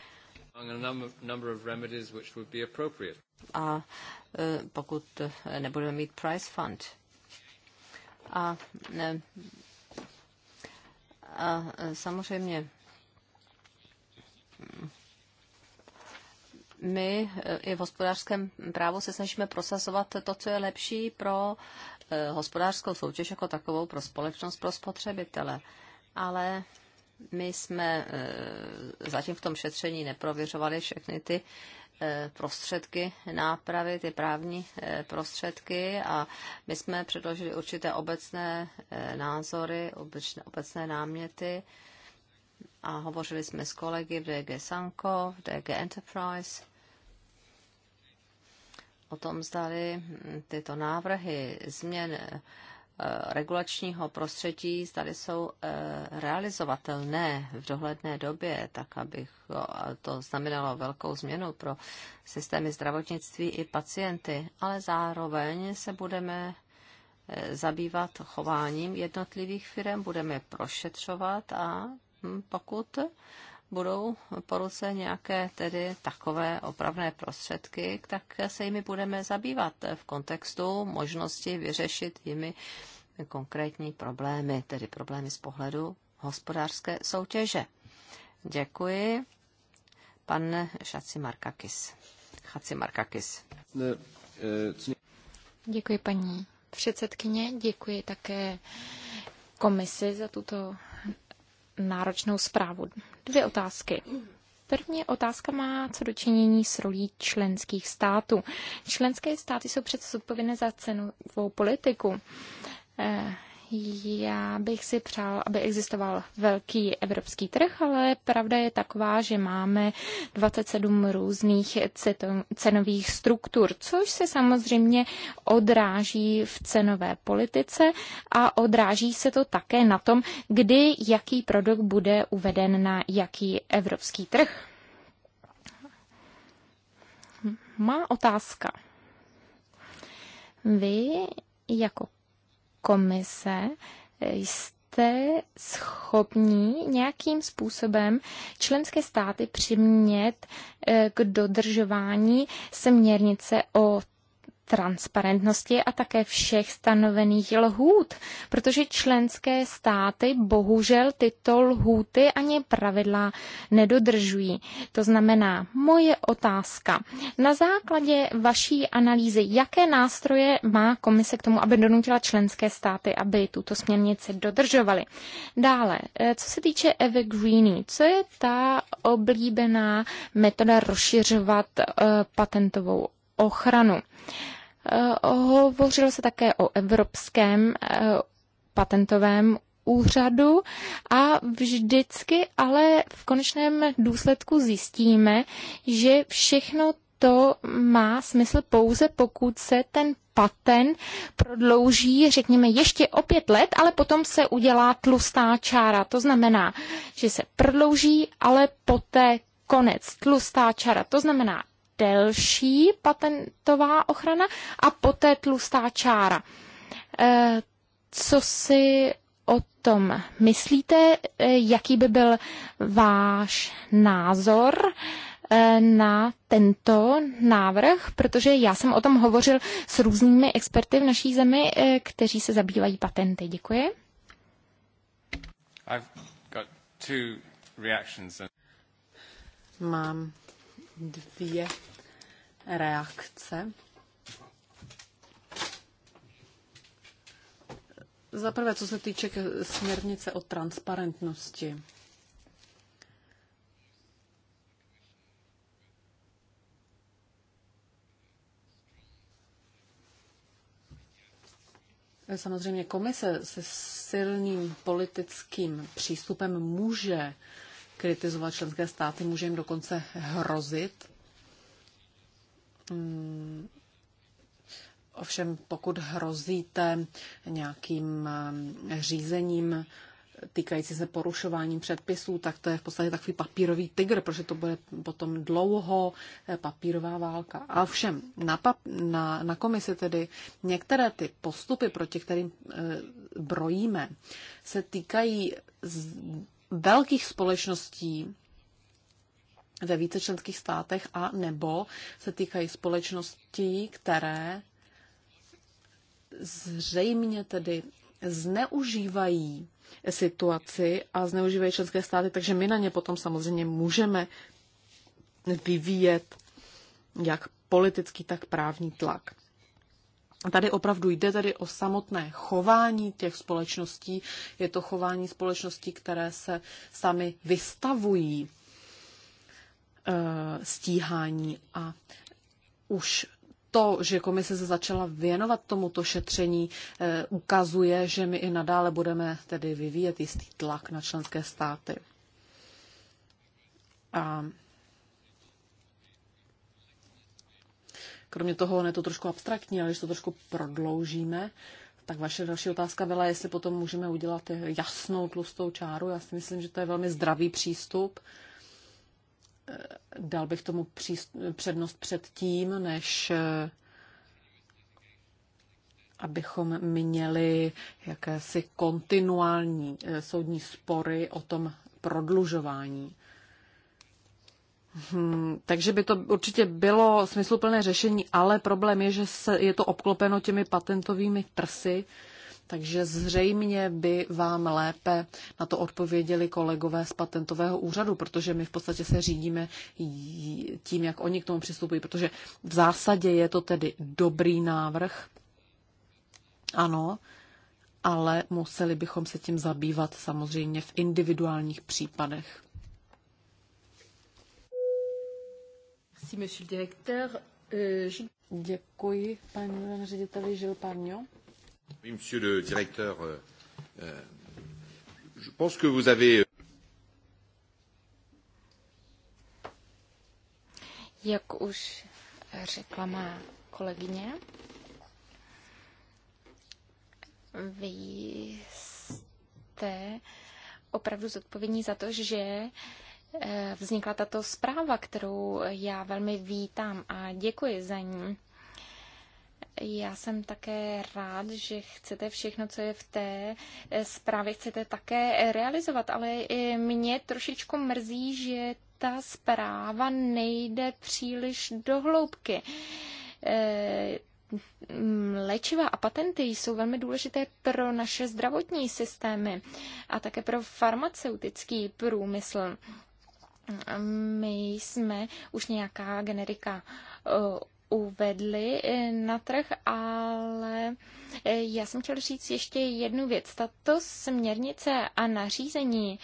A pokud nebudeme mít price fund. A, a samozřejmě my eh, i v hospodářském právu se snažíme prosazovat to, co je lepší pro eh, hospodářskou soutěž jako takovou, pro společnost, pro spotřebitele. Ale my jsme eh, zatím v tom šetření neprověřovali všechny ty prostředky nápravy, ty právní prostředky a my jsme předložili určité obecné názory, obecné, náměty a hovořili jsme s kolegy v DG Sanko, v DG Enterprise o tom, zdali hm, tyto návrhy změn eh, regulačního prostředí, zdali jsou eh, realizovatelné v dohledné době, tak abych to znamenalo velkou změnu pro systémy zdravotnictví i pacienty, ale zároveň se budeme eh, zabývat chováním jednotlivých firm, budeme prošetřovat a Hm, pokud budou po ruce nějaké tedy takové opravné prostředky, tak se jimi budeme zabývat v kontextu možnosti vyřešit jimi konkrétní problémy, tedy problémy z pohledu hospodářské soutěže. Děkuji. Pan Šaci Markakis. Chaci Markakis. Děkuji paní předsedkyně, děkuji také komisi za tuto náročnou zprávu. Dvě otázky. První otázka má co dočinění s rolí členských států. Členské státy jsou přece zodpovědné za cenovou politiku. Eh, já bych si přál, aby existoval velký evropský trh, ale pravda je taková, že máme 27 různých cenových struktur, což se samozřejmě odráží v cenové politice a odráží se to také na tom, kdy jaký produkt bude uveden na jaký evropský trh. Má otázka. Vy jako komise jste schopní nějakým způsobem členské státy přimět eh, k dodržování směrnice o transparentnosti a také všech stanovených lhůt, protože členské státy bohužel tyto lhůty ani pravidla nedodržují. To znamená, moje otázka. Na základě vaší analýzy, jaké nástroje má komise k tomu, aby donutila členské státy, aby tuto směrnici dodržovaly? Dále, eh, co se týče evergreeny, co je ta oblíbená metoda rozšiřovat eh, patentovou ochranu? Eh, hovořilo se také o Evropském eh, patentovém úřadu a vždycky ale v konečném důsledku zjistíme, že všechno to má smysl pouze pokud se ten patent prodlouží, řekněme, ještě o pět let, ale potom se udělá tlustá čára. To znamená, že se prodlouží, ale poté konec, tlustá čára. To znamená, delší patentová ochrana a poté tlustá čára. E, co si o tom myslíte? E, jaký by byl váš názor? E, na tento návrh, protože já jsem o tom hovořil s různými experty v naší zemi, kteří se zabývají patenty. Děkuji. Mám dvě reakce. Za prvé, co se týče směrnice o transparentnosti. Samozřejmě komise se silným politickým přístupem může kritizovat členské státy, může jim dokonce hrozit. Mm, ovšem, pokud hrozíte nějakým eh, řízením týkající se porušováním předpisů, tak to je v podstatě takový papírový tygr, protože to bude potom dlouho eh, papírová válka. A ovšem, na, pap, na, na komisi tedy některé ty postupy, proti kterým e, brojíme, se týkají z velkých společností, ve více členských státech a nebo se týkají společností, které zřejmě tedy zneužívají situaci a zneužívají členské státy, takže my na ně potom samozřejmě můžeme vyvíjet jak politický, tak právní tlak. Tady opravdu jde tady o samotné chování těch společností. Je to chování společností, které se sami vystavují Eh, stíhání a už to, že komise se začala věnovat tomuto šetření, eh, ukazuje, že my i nadále budeme tedy vyvíjet jistý tlak na členské státy. A kromě toho, je to trošku abstraktní, ale když to trošku prodloužíme, tak vaše další otázka byla, jestli potom můžeme udělat jasnou tlustou čáru. Já si myslím, že to je velmi zdravý přístup. Uh, dal bych tomu přednost před tím, než eh, abychom měli jakési kontinuální eh, soudní spory o tom prodlužování. Hmm, takže by to určitě bylo smysluplné řešení, ale problém je, že se, je to obklopeno těmi patentovými trsy, takže zřejmě by vám lépe na to odpověděli kolegové z patentového úřadu, protože my v podstatě se řídíme tím, jak oni k tomu přistupují, protože v zásadě je to tedy dobrý návrh. Ano, ale museli bychom se tím zabývat samozřejmě v individuálních případech. Euh, Děkuji, paní řediteli Žil Parňo. Monsieur le directeur, euh, euh, je pense que vous avez... Euh, Jak už řekla má kolegyně, vy jste opravdu zodpovědní za to, že eh, vznikla tato zpráva, kterou já velmi vítám a děkuji za ní. Já jsem také rád, že chcete všechno, co je v té eh, zprávě, chcete také eh, realizovat, ale eh, mě trošičku mrzí, že ta zpráva nejde příliš do hloubky léčiva a patenty jsou velmi důležité pro naše zdravotní systémy a také pro farmaceutický průmysl. My jsme už nějaká generika uvedli eh, na trh, ale eh, já jsem chtěla říct ještě jednu věc. Tato směrnice a nařízení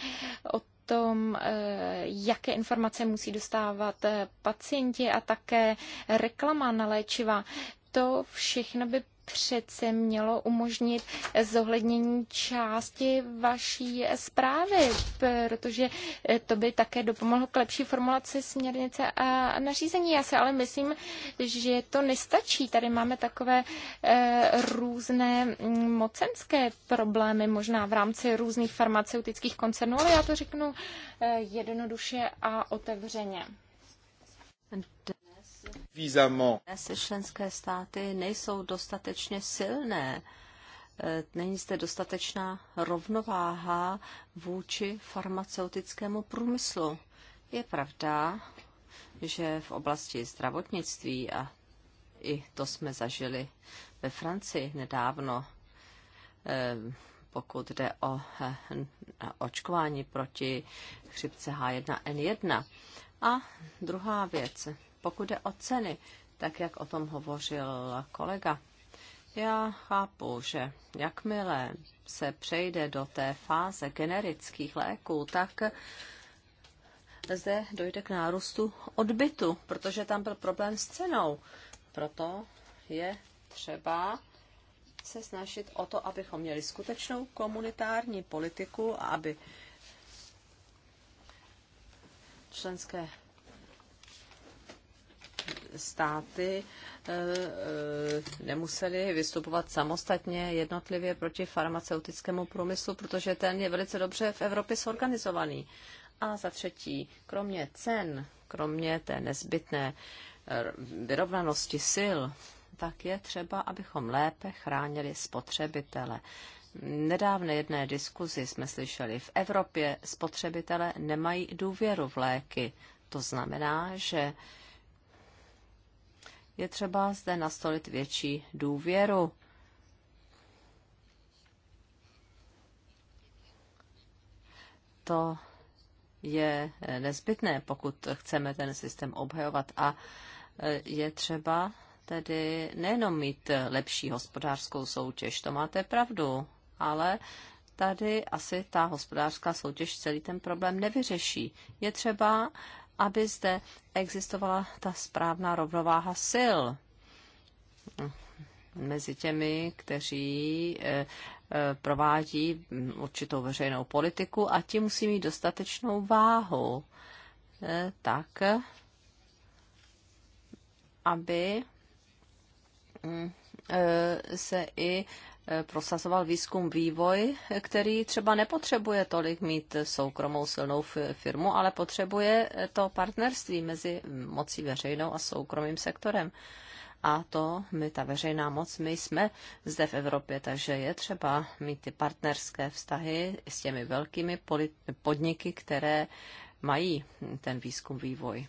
o tom, eh, jaké informace musí dostávat pacienti a také reklama na léčiva, to všechno by přece mělo umožnit zohlednění části vaší zprávy, protože to by také dopomohlo k lepší formulaci směrnice a nařízení. Já si ale myslím, že to nestačí. Tady máme takové eh, různé mm, mocenské problémy, možná v rámci různých farmaceutických koncernů, ale já to řeknu eh, jednoduše a otevřeně suffisamment. Členské státy nejsou dostatečně silné. E, Není zde dostatečná rovnováha vůči farmaceutickému průmyslu. Je pravda, že v oblasti zdravotnictví, a i to jsme zažili ve Francii nedávno, e, pokud jde o e, očkování proti chřipce H1N1. A druhá věc, pokud jde o ceny, tak jak o tom hovořil kolega, já chápu, že jakmile se přejde do té fáze generických léků, tak zde dojde k nárůstu odbytu, protože tam byl problém s cenou. Proto je třeba se snažit o to, abychom měli skutečnou komunitární politiku a aby členské státy eh, eh, nemuseli vystupovat samostatně jednotlivě proti farmaceutickému průmyslu, protože ten je velice dobře v Evropě zorganizovaný. A za třetí, kromě cen, kromě té nezbytné eh, vyrovnanosti sil, tak je třeba, abychom lépe chránili spotřebitele. Nedávné jedné diskuzi jsme slyšeli, v Evropě spotřebitele nemají důvěru v léky. To znamená, že je třeba zde nastolit větší důvěru. To je nezbytné, pokud chceme ten systém obhajovat a e, je třeba tedy nejenom mít lepší hospodářskou soutěž, to máte pravdu, ale tady asi ta hospodářská soutěž celý ten problém nevyřeší. Je třeba aby zde existovala ta správná rovnováha sil mezi těmi, kteří eh, eh, provádí určitou veřejnou politiku a ti musí mít dostatečnou váhu, eh, tak aby mm, se i prosazoval výzkum vývoj, který třeba nepotřebuje tolik mít soukromou silnou firmu, ale potřebuje to partnerství mezi mocí veřejnou a soukromým sektorem. A to my, ta veřejná moc, my jsme zde v Evropě, takže je třeba mít ty partnerské vztahy s těmi velkými podniky, které mají ten výzkum vývoj.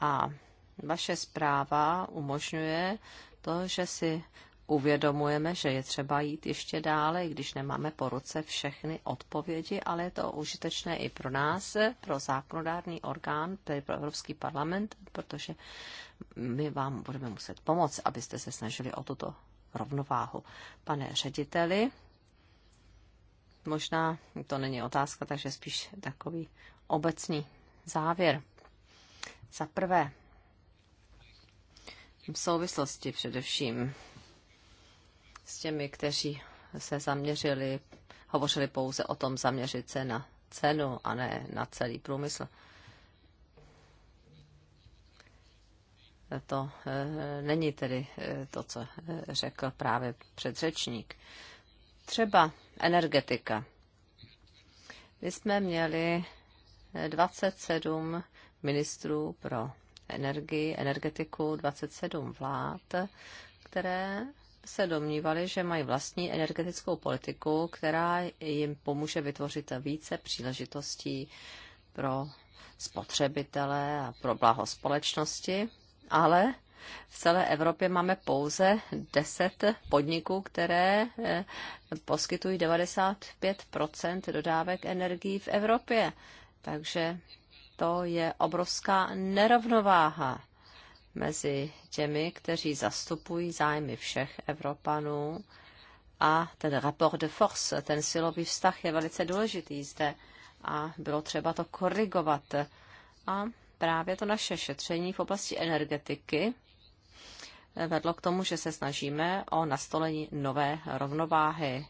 A vaše zpráva umožňuje to, že si uvědomujeme, že je třeba jít ještě dále, i když nemáme po ruce všechny odpovědi, ale je to užitečné i pro nás, pro zákonodárný orgán, tedy pro Evropský parlament, protože my vám budeme muset pomoct, abyste se snažili o tuto rovnováhu. Pane řediteli, možná to není otázka, takže spíš takový obecný závěr. Za prvé, v souvislosti především s těmi, kteří se zaměřili, hovořili pouze o tom zaměřit se na cenu a ne na celý průmysl. To eh, není tedy eh, to, co eh, řekl právě předřečník. Třeba energetika. My jsme měli 27 ministrů pro energii, energetiku, 27 vlád, které se domnívali, že mají vlastní energetickou politiku, která jim pomůže vytvořit více příležitostí pro spotřebitele a pro blaho společnosti, ale v celé Evropě máme pouze 10 podniků, které eh, poskytují 95 dodávek energií v Evropě. Takže to je obrovská nerovnováha mezi těmi, kteří zastupují zájmy všech Evropanů. A ten rapport de force, ten silový vztah je velice důležitý zde a bylo třeba to korigovat. A právě to naše šetření v oblasti energetiky vedlo k tomu, že se snažíme o nastolení nové rovnováhy.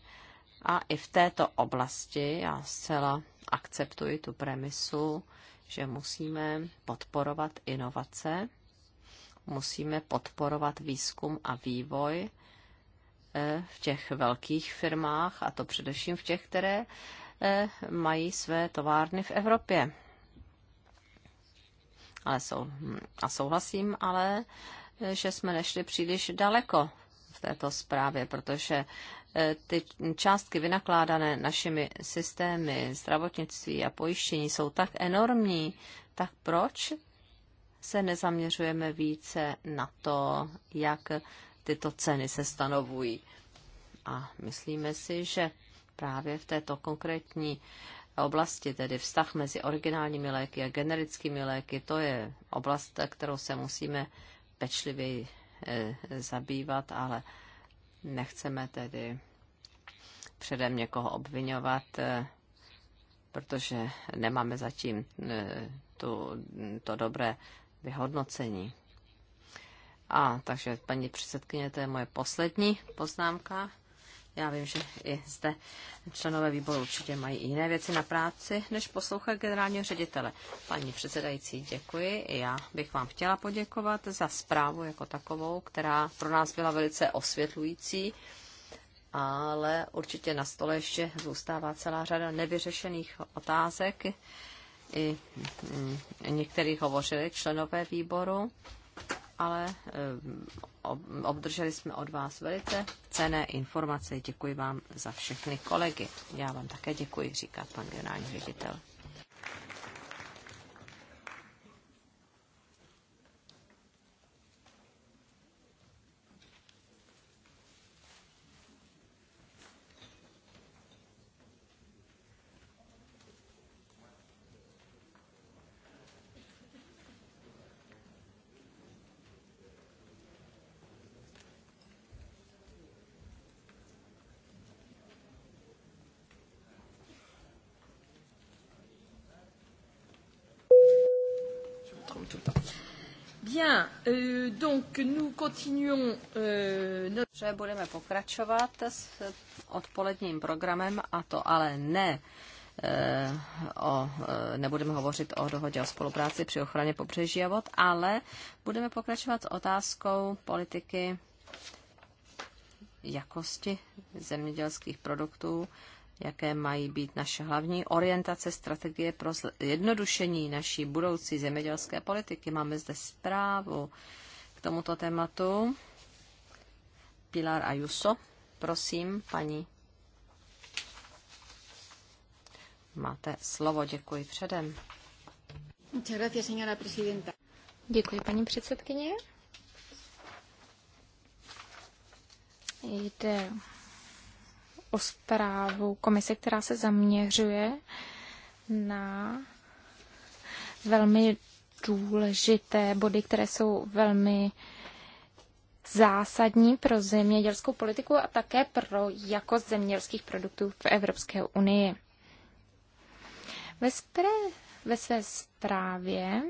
A i v této oblasti já zcela akceptuji tu premisu, že musíme podporovat inovace musíme podporovat výzkum a vývoj eh, v těch velkých firmách, a to především v těch, které eh, mají své továrny v Evropě. Ale sou, hm, a souhlasím, ale eh, že jsme nešli příliš daleko v této zprávě, protože ty částky vynakládané našimi systémy zdravotnictví a pojištění jsou tak enormní, tak proč se nezaměřujeme více na to, jak tyto ceny se stanovují. A myslíme si, že právě v této konkrétní oblasti, tedy vztah mezi originálními léky a generickými léky, to je oblast, kterou se musíme pečlivě eh, zabývat, ale nechceme tedy předem někoho obvinovat, eh, protože nemáme zatím eh, to to dobré vyhodnocení. A takže paní předsedkyně, to je moje poslední poznámka. Já vím, že i zde členové výboru určitě mají i jiné věci na práci, než poslouchat generálního ředitele. Paní předsedající, děkuji. I já bych vám chtěla poděkovat za zprávu jako takovou, která pro nás byla velice osvětlující, ale určitě na stole ještě zůstává celá řada nevyřešených otázek i mm, některých hovořili členové výboru, ale eh, obdrželi jsme od vás velice cené informace. Děkuji vám za všechny kolegy. Já vám také děkuji, říká pan generální ředitel. Bien, euh, donc nous continuons euh, notre... budeme pokračovat s odpoledním programem, a to ale ne eh, o, eh, nebudeme hovořit o dohodě o spolupráci při ochraně pobřeží a vod, ale budeme pokračovat s otázkou politiky jakosti zemědělských produktů jaké mají být naše hlavní orientace strategie pro jednodušení naší budoucí zemědělské politiky. Máme zde zprávu k tomuto tématu. Pilar Ayuso, prosím, paní. Máte slovo, děkuji předem. Děkuji, paní předsedkyně. Jde o zprávu komise, která se zaměřuje na velmi důležité body, které jsou velmi zásadní pro zemědělskou politiku a také pro jakost zemědělských produktů v Evropské unii. Ve, spré, ve své zprávě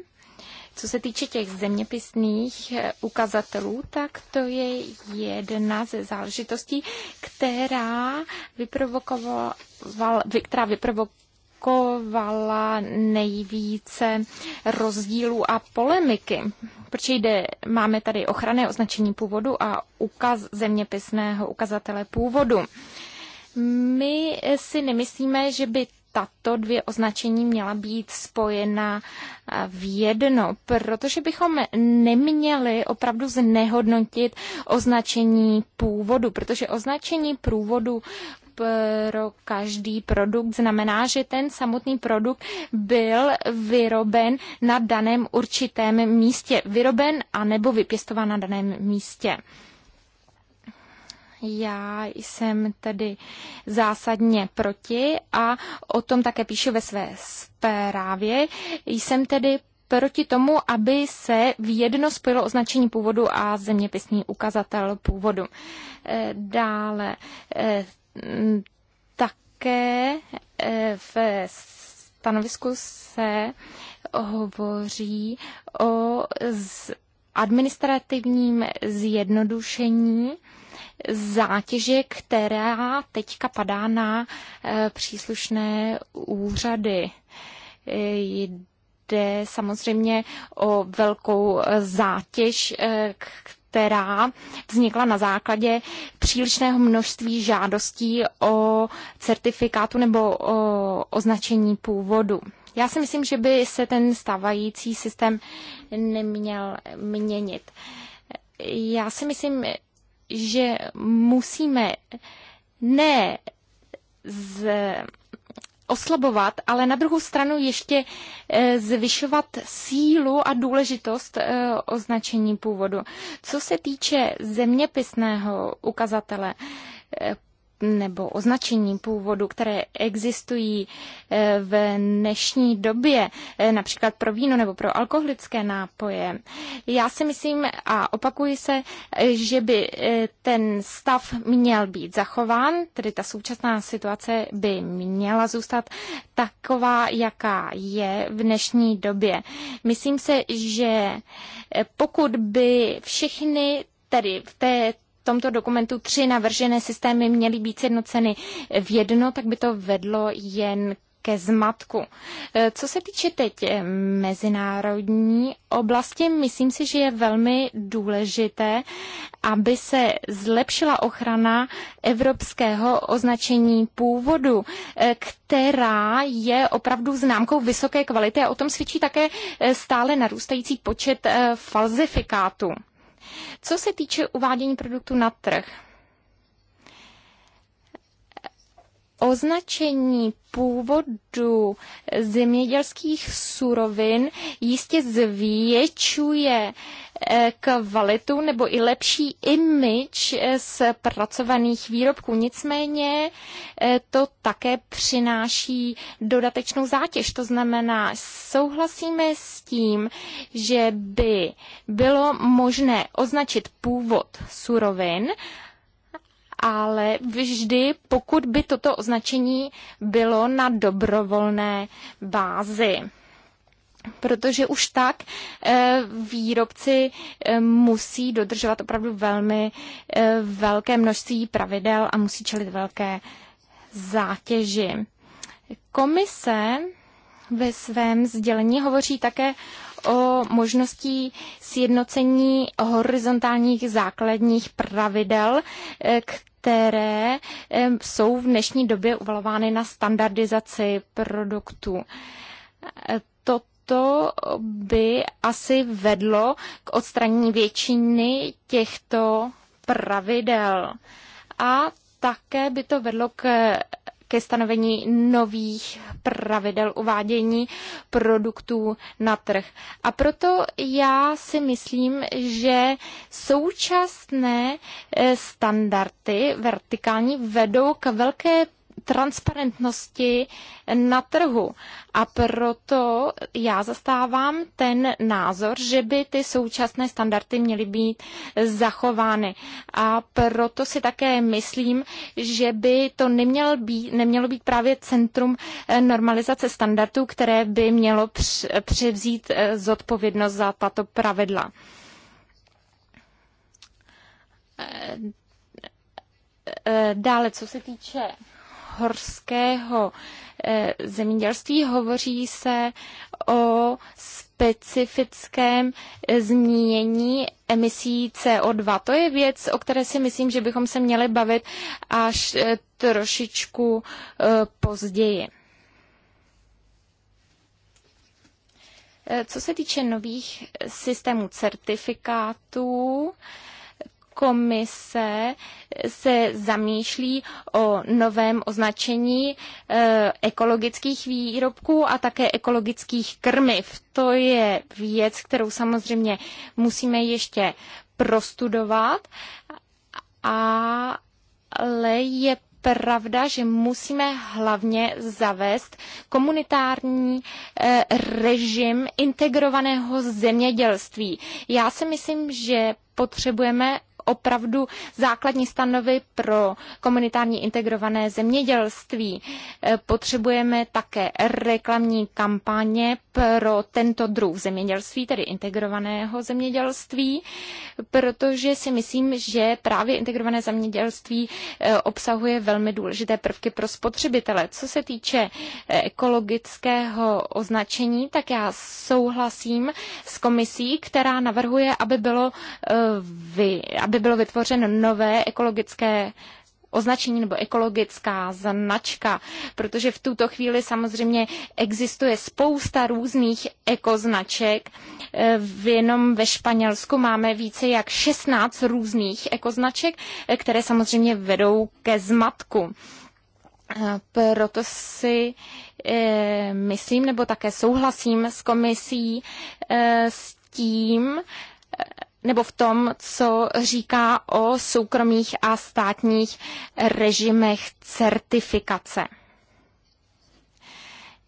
co se týče těch zeměpisných eh, ukazatelů, tak to je jedna ze záležitostí, která vyprovokovala, která vyprovokovala nejvíce rozdílů a polemiky. Proč jde, máme tady ochranné označení původu a ukaz zeměpisného ukazatele původu. My si nemyslíme, že by tato dvě označení měla být spojena eh, v jedno, protože bychom neměli opravdu znehodnotit označení původu, protože označení průvodu pro každý produkt znamená, že ten samotný produkt byl vyroben na daném určitém místě, vyroben a nebo vypěstován na daném místě. Já jsem tedy zásadně proti a o tom také píšu ve své zprávě. Jsem tedy proti tomu, aby se v jedno spojilo označení původu a zeměpisný ukazatel původu. Eh, dále eh, také eh, v stanovisku se hovoří o administrativním zjednodušení zátěže, která teďka padá na eh, příslušné úřady. Jde samozřejmě o velkou eh, zátěž, eh, která vznikla na základě přílišného množství žádostí o certifikátu nebo o označení původu. Já si myslím, že by se ten stávající systém neměl měnit. Já si myslím, že musíme ne z oslabovat, ale na druhou stranu ještě e, zvyšovat sílu a důležitost e, označení původu. Co se týče zeměpisného ukazatele, e, nebo označení původu, které existují eh, v dnešní době, eh, například pro víno nebo pro alkoholické nápoje. Já si myslím a opakuji se, eh, že by ten stav měl být zachován, tedy ta současná situace by měla zůstat taková, jaká je v dnešní době. Myslím se, že pokud by všechny tedy v té tomto dokumentu tři navržené systémy měly být sjednoceny v jedno, tak by to vedlo jen ke zmatku. E, co se týče teď e, mezinárodní oblasti, myslím si, že je velmi důležité, aby se zlepšila ochrana evropského označení původu, e, která je opravdu známkou vysoké kvality a o tom svědčí také stále narůstající počet falzifikátů. Co se týče uvádění produktu na trh, označení původu zemědělských surovin jistě zvětšuje eh, kvalitu nebo i lepší image eh, z pracovaných výrobků. Nicméně eh, to také přináší dodatečnou zátěž. To znamená, souhlasíme s tím, že by bylo možné označit původ surovin, ale vždy, pokud by toto označení bylo na dobrovolné bázi protože už tak eh, výrobci eh, musí dodržovat opravdu velmi eh, velké množství pravidel a musí čelit velké zátěži. Komise ve svém sdělení hovoří také o možnosti sjednocení horizontálních základních pravidel, k které jsou v dnešní době uvalovány na standardizaci produktů. To to by asi vedlo k odstranění většiny těchto pravidel. A také by to vedlo k ke stanovení nových pravidel uvádění produktů na trh. A proto já si myslím, že současné eh, standardy vertikální vedou k velké transparentnosti na trhu. A proto já zastávám ten názor, že by ty současné standardy měly být zachovány. A proto si také myslím, že by to nemělo být, nemělo být právě centrum eh, normalizace standardů, které by mělo převzít eh, zodpovědnost za tato pravidla eh, dále, co se týče horského eh, zemědělství hovoří se o specifickém eh, zmínění emisí CO2. To je věc, o které si myslím, že bychom se měli bavit až eh, trošičku později. Co se týče nových systémů certifikátů, komise se zamýšlí o novém označení eh, ekologických výrobků a také ekologických krmiv. To je věc, kterou samozřejmě musíme ještě prostudovat, ale je pravda, že musíme hlavně zavést komunitární eh, režim integrovaného zemědělství. Já si myslím, že potřebujeme opravdu základní stanovy pro komunitární integrované zemědělství. E, potřebujeme také reklamní kampaně pro tento druh zemědělství, tedy integrovaného zemědělství, protože si myslím, že právě integrované zemědělství e, obsahuje velmi důležité prvky pro spotřebitele. Co se týče e, ekologického označení, tak já souhlasím s komisí, která navrhuje, aby bylo, vy, aby aby bylo vytvořeno nové ekologické označení nebo ekologická značka, protože v tuto chvíli samozřejmě existuje spousta různých ekoznaček. V Jenom ve Španělsku máme více jak 16 různých ekoznaček, které samozřejmě vedou ke zmatku. Proto si eh, myslím, nebo také souhlasím s komisí eh, s tím, nebo v tom, co říká o soukromých a státních režimech certifikace.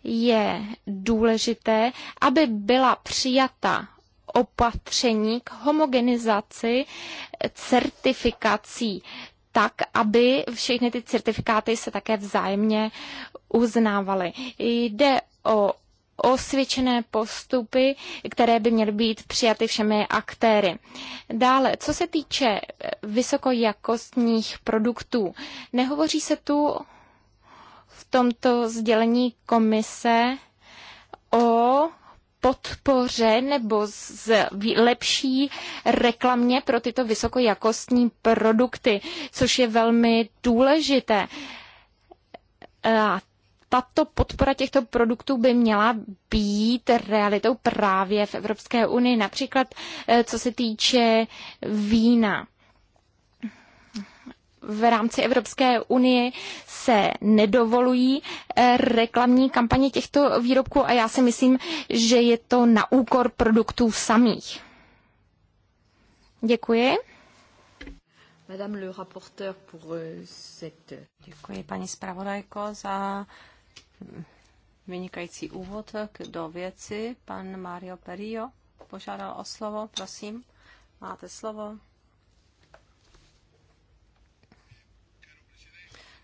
Je důležité, aby byla přijata opatření k homogenizaci certifikací, tak, aby všechny ty certifikáty se také vzájemně uznávaly. Jde o osvědčené postupy, které by měly být přijaty všemi aktéry. Dále, co se týče eh, vysokojakostních produktů, nehovoří se tu v tomto sdělení komise o podpoře nebo z lepší reklamě pro tyto vysokojakostní produkty, což je velmi důležité. A tato podpora těchto produktů by měla být realitou právě v Evropské unii, například eh, co se týče vína v rámci Evropské unie se nedovolují eh, reklamní kampaně těchto výrobků a já si myslím, že je to na úkor produktů samých. Děkuji. Madame le rapporteur pour euh, cette... Děkuji paní zpravodajko za vynikající úvod do věci. Pan Mario Perio požádal o slovo, prosím, máte slovo.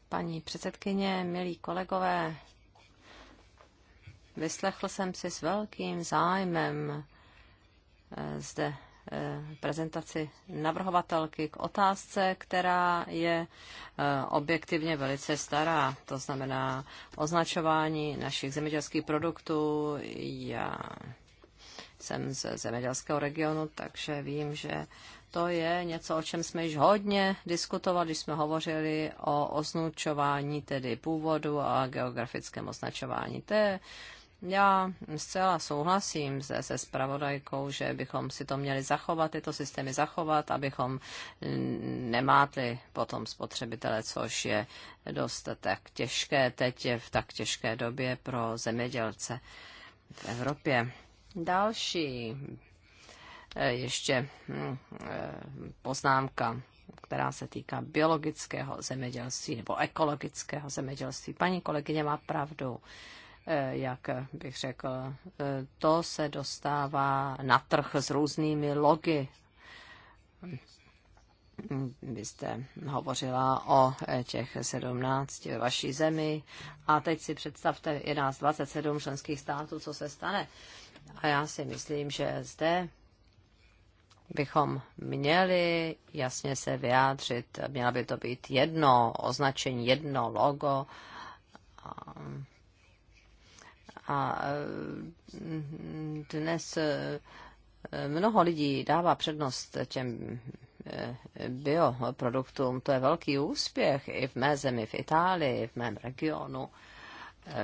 Paní předsedkyně, milí kolegové, vyslechl jsem si s velkým zájmem eh, zde Eh, prezentaci navrhovatelky k otázce, která je eh, objektivně velice stará, to znamená označování našich zemědělských produktů. Já jsem ze zemědělského regionu, takže vím, že to je něco, o čem jsme již hodně diskutovali, když jsme hovořili o označování tedy původu a geografickém označování. To je já zcela souhlasím se, se spravodajkou, že bychom si to měli zachovat, tyto systémy zachovat, abychom nemátli potom spotřebitele, což je dost tak těžké teď je v tak těžké době pro zemědělce v Evropě. Další eh, ještě hm, eh, poznámka, která se týká biologického zemědělství nebo ekologického zemědělství. Paní kolegyně má pravdu. Eh, jak bych řekl, eh, to se dostává na trh s různými logy. Vy jste hovořila o eh, těch 17 vaší zemi a teď si představte 11, 27 členských států, co se stane. A já si myslím, že zde bychom měli jasně se vyjádřit, měla by to být jedno označení, jedno logo, a eh, dnes eh, mnoho lidí dává přednost těm eh, bioproduktům. To je velký úspěch i v mé zemi, v Itálii, v mém regionu.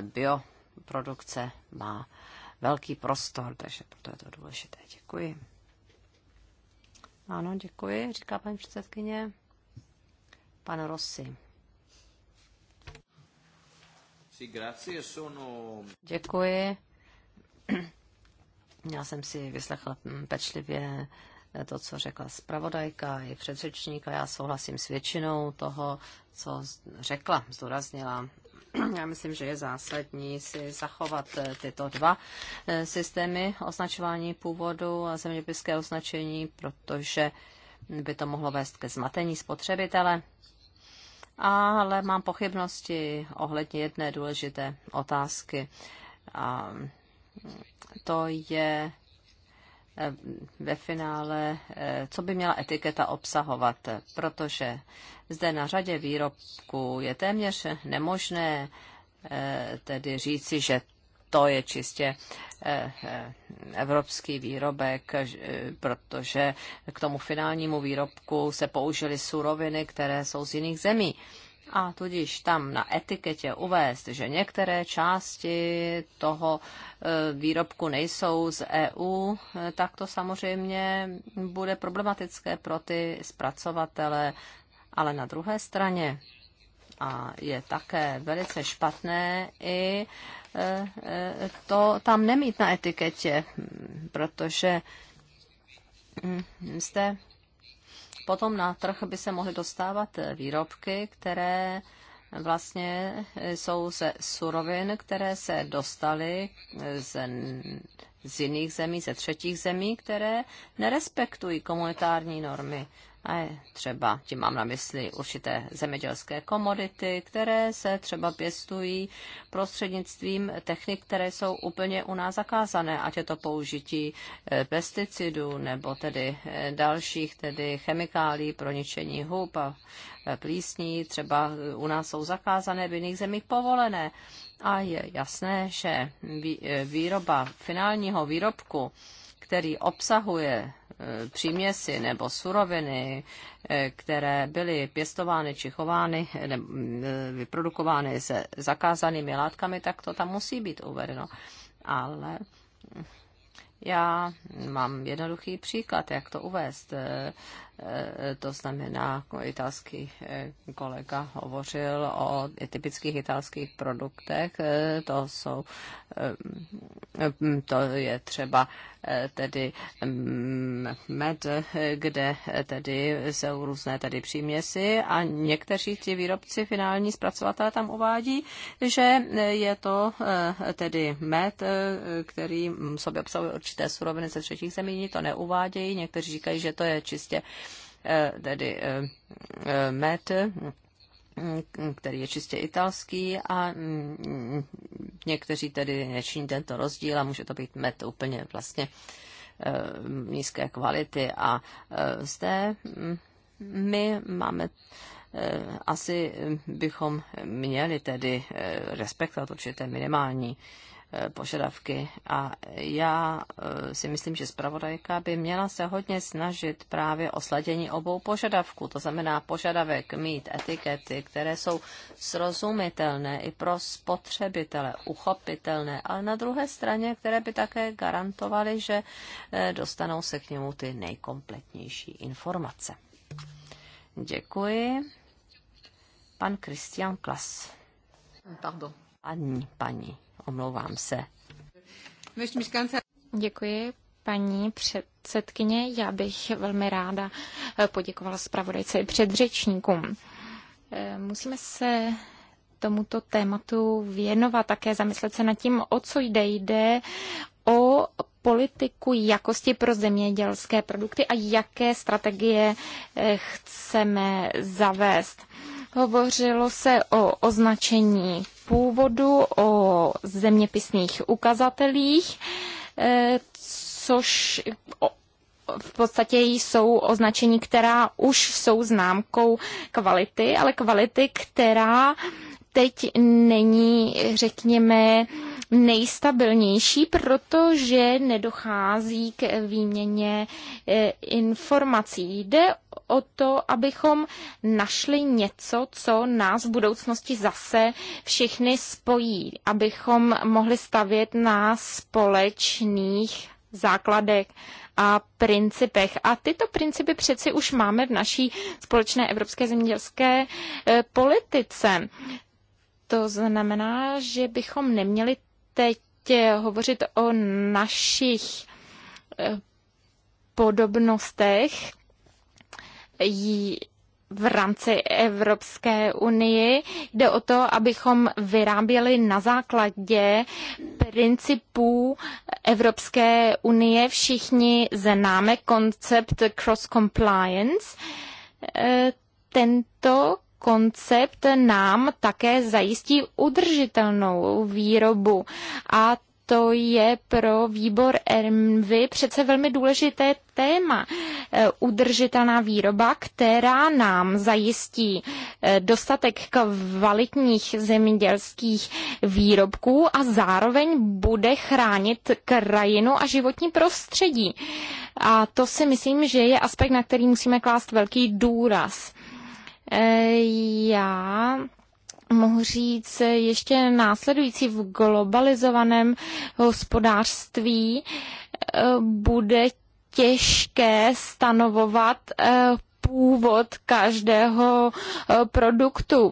Bioprodukce má velký prostor, takže proto je to důležité. Děkuji. Ano, děkuji, říká paní předsedkyně. Pan Rossi. Děkuji. Já jsem si vyslechla hm, pečlivě eh, to, co řekla zpravodajka i předřečník a já souhlasím s většinou toho, co řekla, zdůraznila. Já myslím, že je zásadní si zachovat eh, tyto dva eh, systémy označování původu a zeměpiské označení, protože by to mohlo vést ke zmatení spotřebitele ale mám pochybnosti ohledně jedné důležité otázky. A to je eh, ve finále, eh, co by měla etiketa obsahovat, protože zde na řadě výrobků je téměř nemožné eh, tedy říci, že to je čistě eh, eh, evropský výrobek, eh, protože k tomu finálnímu výrobku se použily suroviny, které jsou z jiných zemí. A tudíž tam na etiketě uvést, že některé části toho výrobku nejsou z EU, tak to samozřejmě bude problematické pro ty zpracovatele. Ale na druhé straně a je také velice špatné i e, e, to tam nemít na etiketě, protože mm, jste potom na trh by se mohly dostávat výrobky, které vlastně jsou ze surovin, které se dostaly z, z jiných zemí, ze třetích zemí, které nerespektují komunitární normy. A je třeba, tím mám na mysli určité zemědělské komodity, které se třeba pěstují prostřednictvím technik, které jsou úplně u nás zakázané, ať je to použití eh, pesticidů nebo tedy eh, dalších tedy chemikálí pro ničení hub a eh, plísní, třeba u nás jsou zakázané, v jiných zemích povolené. A je jasné, že výroba finálního výrobku, který obsahuje E, příměsy nebo suroviny, e, které byly pěstovány či chovány, e, vyprodukovány se zakázanými látkami, tak to tam musí být uvedeno. Ale já mám jednoduchý příklad, jak to uvést. Eh, to znamená, jako italský eh, kolega hovořil o typických italských produktech. Eh, to jsou, to je třeba tedy mm, med, kde tedy jsou různé tedy příměsi a někteří ti výrobci, finální zpracovatelé tam uvádí, že je to tedy med, který mm, sobě obsahuje určité suroviny ze třetích zemí, to neuvádějí, někteří říkají, že to je čistě Eh, tedy eh, eh, med, mm, který je čistě italský a mm, někteří tedy nečiní tento rozdíl a může to být med úplně vlastně nízké kvality a zde mm, my máme asi bychom měli tedy respektovat určité minimální Eh, požadavky. A já eh, si myslím, že zpravodajka by měla se hodně snažit právě o sladění obou požadavků. To znamená požadavek mít etikety, které jsou srozumitelné i pro spotřebitele, uchopitelné, ale na druhé straně, které by také garantovaly, že eh, dostanou se k němu ty nejkompletnější informace. Děkuji. Pan Christian Klas. Pardon. Paní, paní, omlouvám se. Děkuji, paní předsedkyně. Já bych velmi ráda eh, poděkovala zpravodajce i předřečníkům. Eh, musíme se tomuto tématu věnovat, také zamyslet se nad tím, o co jde. Jde o politiku jakosti pro zemědělské produkty a jaké strategie eh, chceme zavést. Hovořilo se o označení původu, o zeměpisných ukazatelích, eh, což v podstatě jsou označení, která už jsou známkou kvality, ale kvality, která teď není, řekněme, nejstabilnější, protože nedochází k výměně e, informací. Jde o to, abychom našli něco, co nás v budoucnosti zase všichni spojí, abychom mohli stavět na společných základech a principech. A tyto principy přeci už máme v naší společné evropské zemědělské e, politice. To znamená, že bychom neměli teď eh, hovořit o našich eh, podobnostech v rámci Evropské unie. Jde o to, abychom vyráběli na základě principů Evropské unie. Všichni známe koncept cross-compliance. Eh, tento koncept nám také zajistí udržitelnou výrobu a to je pro výbor ERMVY přece velmi důležité téma. E, udržitelná výroba, která nám zajistí e, dostatek kvalitních zemědělských výrobků a zároveň bude chránit krajinu a životní prostředí. A to si myslím, že je aspekt, na který musíme klást velký důraz. E, já mohu říct ještě následující v globalizovaném hospodářství e, bude těžké stanovovat e, původ každého produktu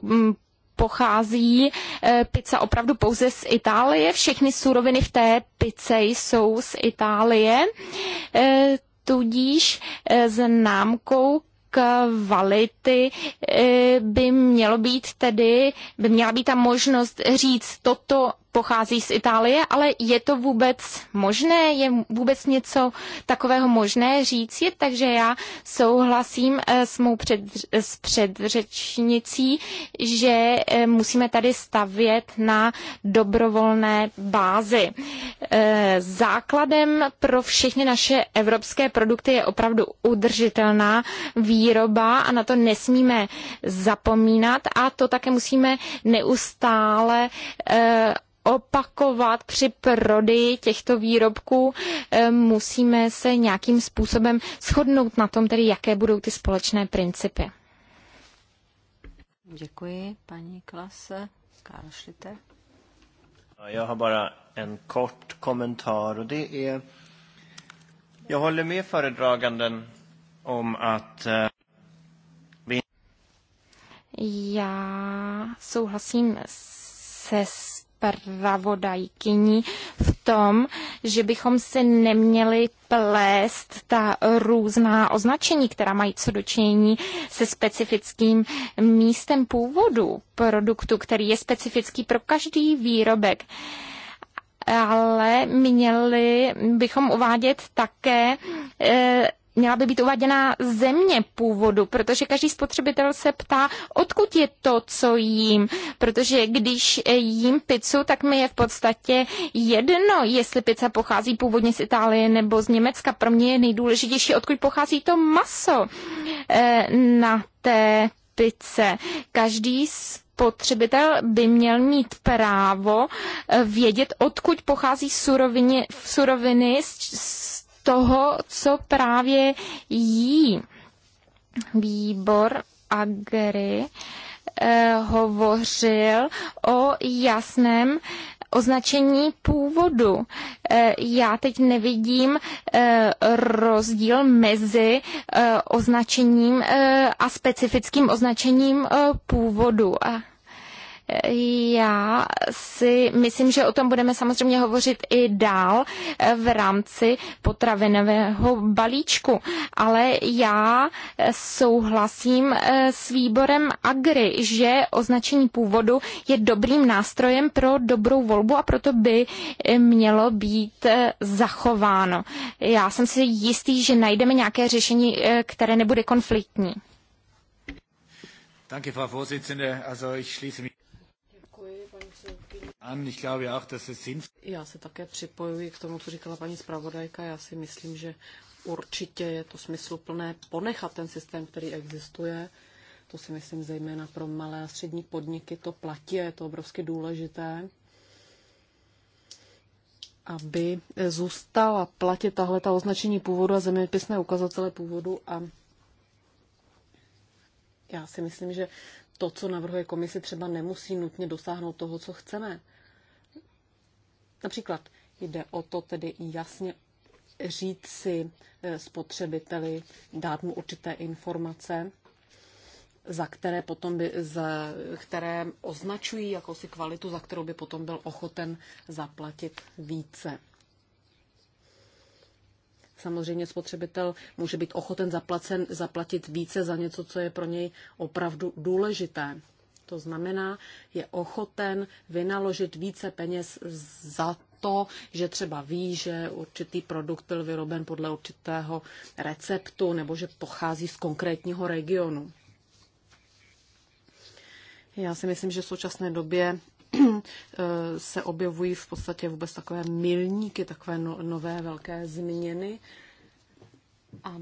pochází pizza opravdu pouze z Itálie. Všechny suroviny v té pice jsou z Itálie. Tudíž známkou kvality eh, by mělo být tedy, by měla být ta možnost říct, toto pochází z Itálie, ale je to vůbec možné? Je vůbec něco takového možné říct? Je, Takže já souhlasím eh, s mou před, s předřečnicí, že eh, musíme tady stavět na dobrovolné bázi. Eh, základem pro všechny naše evropské produkty je opravdu udržitelná výroba a na to nesmíme zapomínat a to také musíme neustále opakovat při prodeji těchto výrobků. Eh, musíme se nějakým způsobem shodnout na tom, tedy jaké budou ty společné principy. Děkuji, paní Klase. Kášlite. Já mám bara en kort kommentar och det är Jag håller med föredraganden om att eh, Já souhlasím se pravodajkyní v tom, že bychom si neměli plést ta různá označení, která mají co dočinění se specifickým místem původu produktu, který je specifický pro každý výrobek ale měli bychom uvádět také e, měla by být uváděna země původu, protože každý spotřebitel se ptá, odkud je to, co jím. Protože když jím pizzu, tak mi je v podstatě jedno, jestli pizza pochází původně z Itálie nebo z Německa. Pro mě je nejdůležitější, odkud pochází to maso eh, na té pice. Každý spotřebitel by měl mít právo eh, vědět, odkud pochází suroviny, suroviny z, z toho, co právě jí. Výbor Agri eh, hovořil o jasném označení původu. Eh, já teď nevidím eh, rozdíl mezi označením a specifickým označením původu. Já si myslím, že o tom budeme samozřejmě hovořit i dál v rámci potravinového balíčku, ale já souhlasím eh, s výborem Agri, že označení původu je dobrým nástrojem pro dobrou volbu a proto by eh, mělo být eh, zachováno. Já jsem si jistý, že najdeme nějaké řešení, které nebude konfliktní. Danke, Frau Vorsitzende. Also ich schließe mich. Já se také připojuji k tomu, co říkala paní zpravodajka. Já si myslím, že určitě je to smysluplné ponechat ten systém, který existuje. To si myslím zejména pro malé a střední podniky. To platí, je to obrovsky důležité, aby zůstala platit tahle ta označení původu a zeměpisné ukazatele původu a já si myslím, že to, co navrhuje komise, třeba nemusí nutně dosáhnout toho, co chceme. Například jde o to tedy jasně říct si eh, spotřebiteli, dát mu určité informace, za které potom by, za, které označují jakousi kvalitu, za kterou by potom byl ochoten zaplatit více. Samozřejmě spotřebitel může být ochoten zaplacen, zaplatit více za něco, co je pro něj opravdu důležité. To znamená, je ochoten vynaložit více peněz za to, že třeba ví, že určitý produkt byl vyroben podle určitého receptu nebo že pochází z konkrétního regionu. Já si myslím, že v současné době eh, se objevují v podstatě vůbec takové milníky, takové no, nové velké změny. A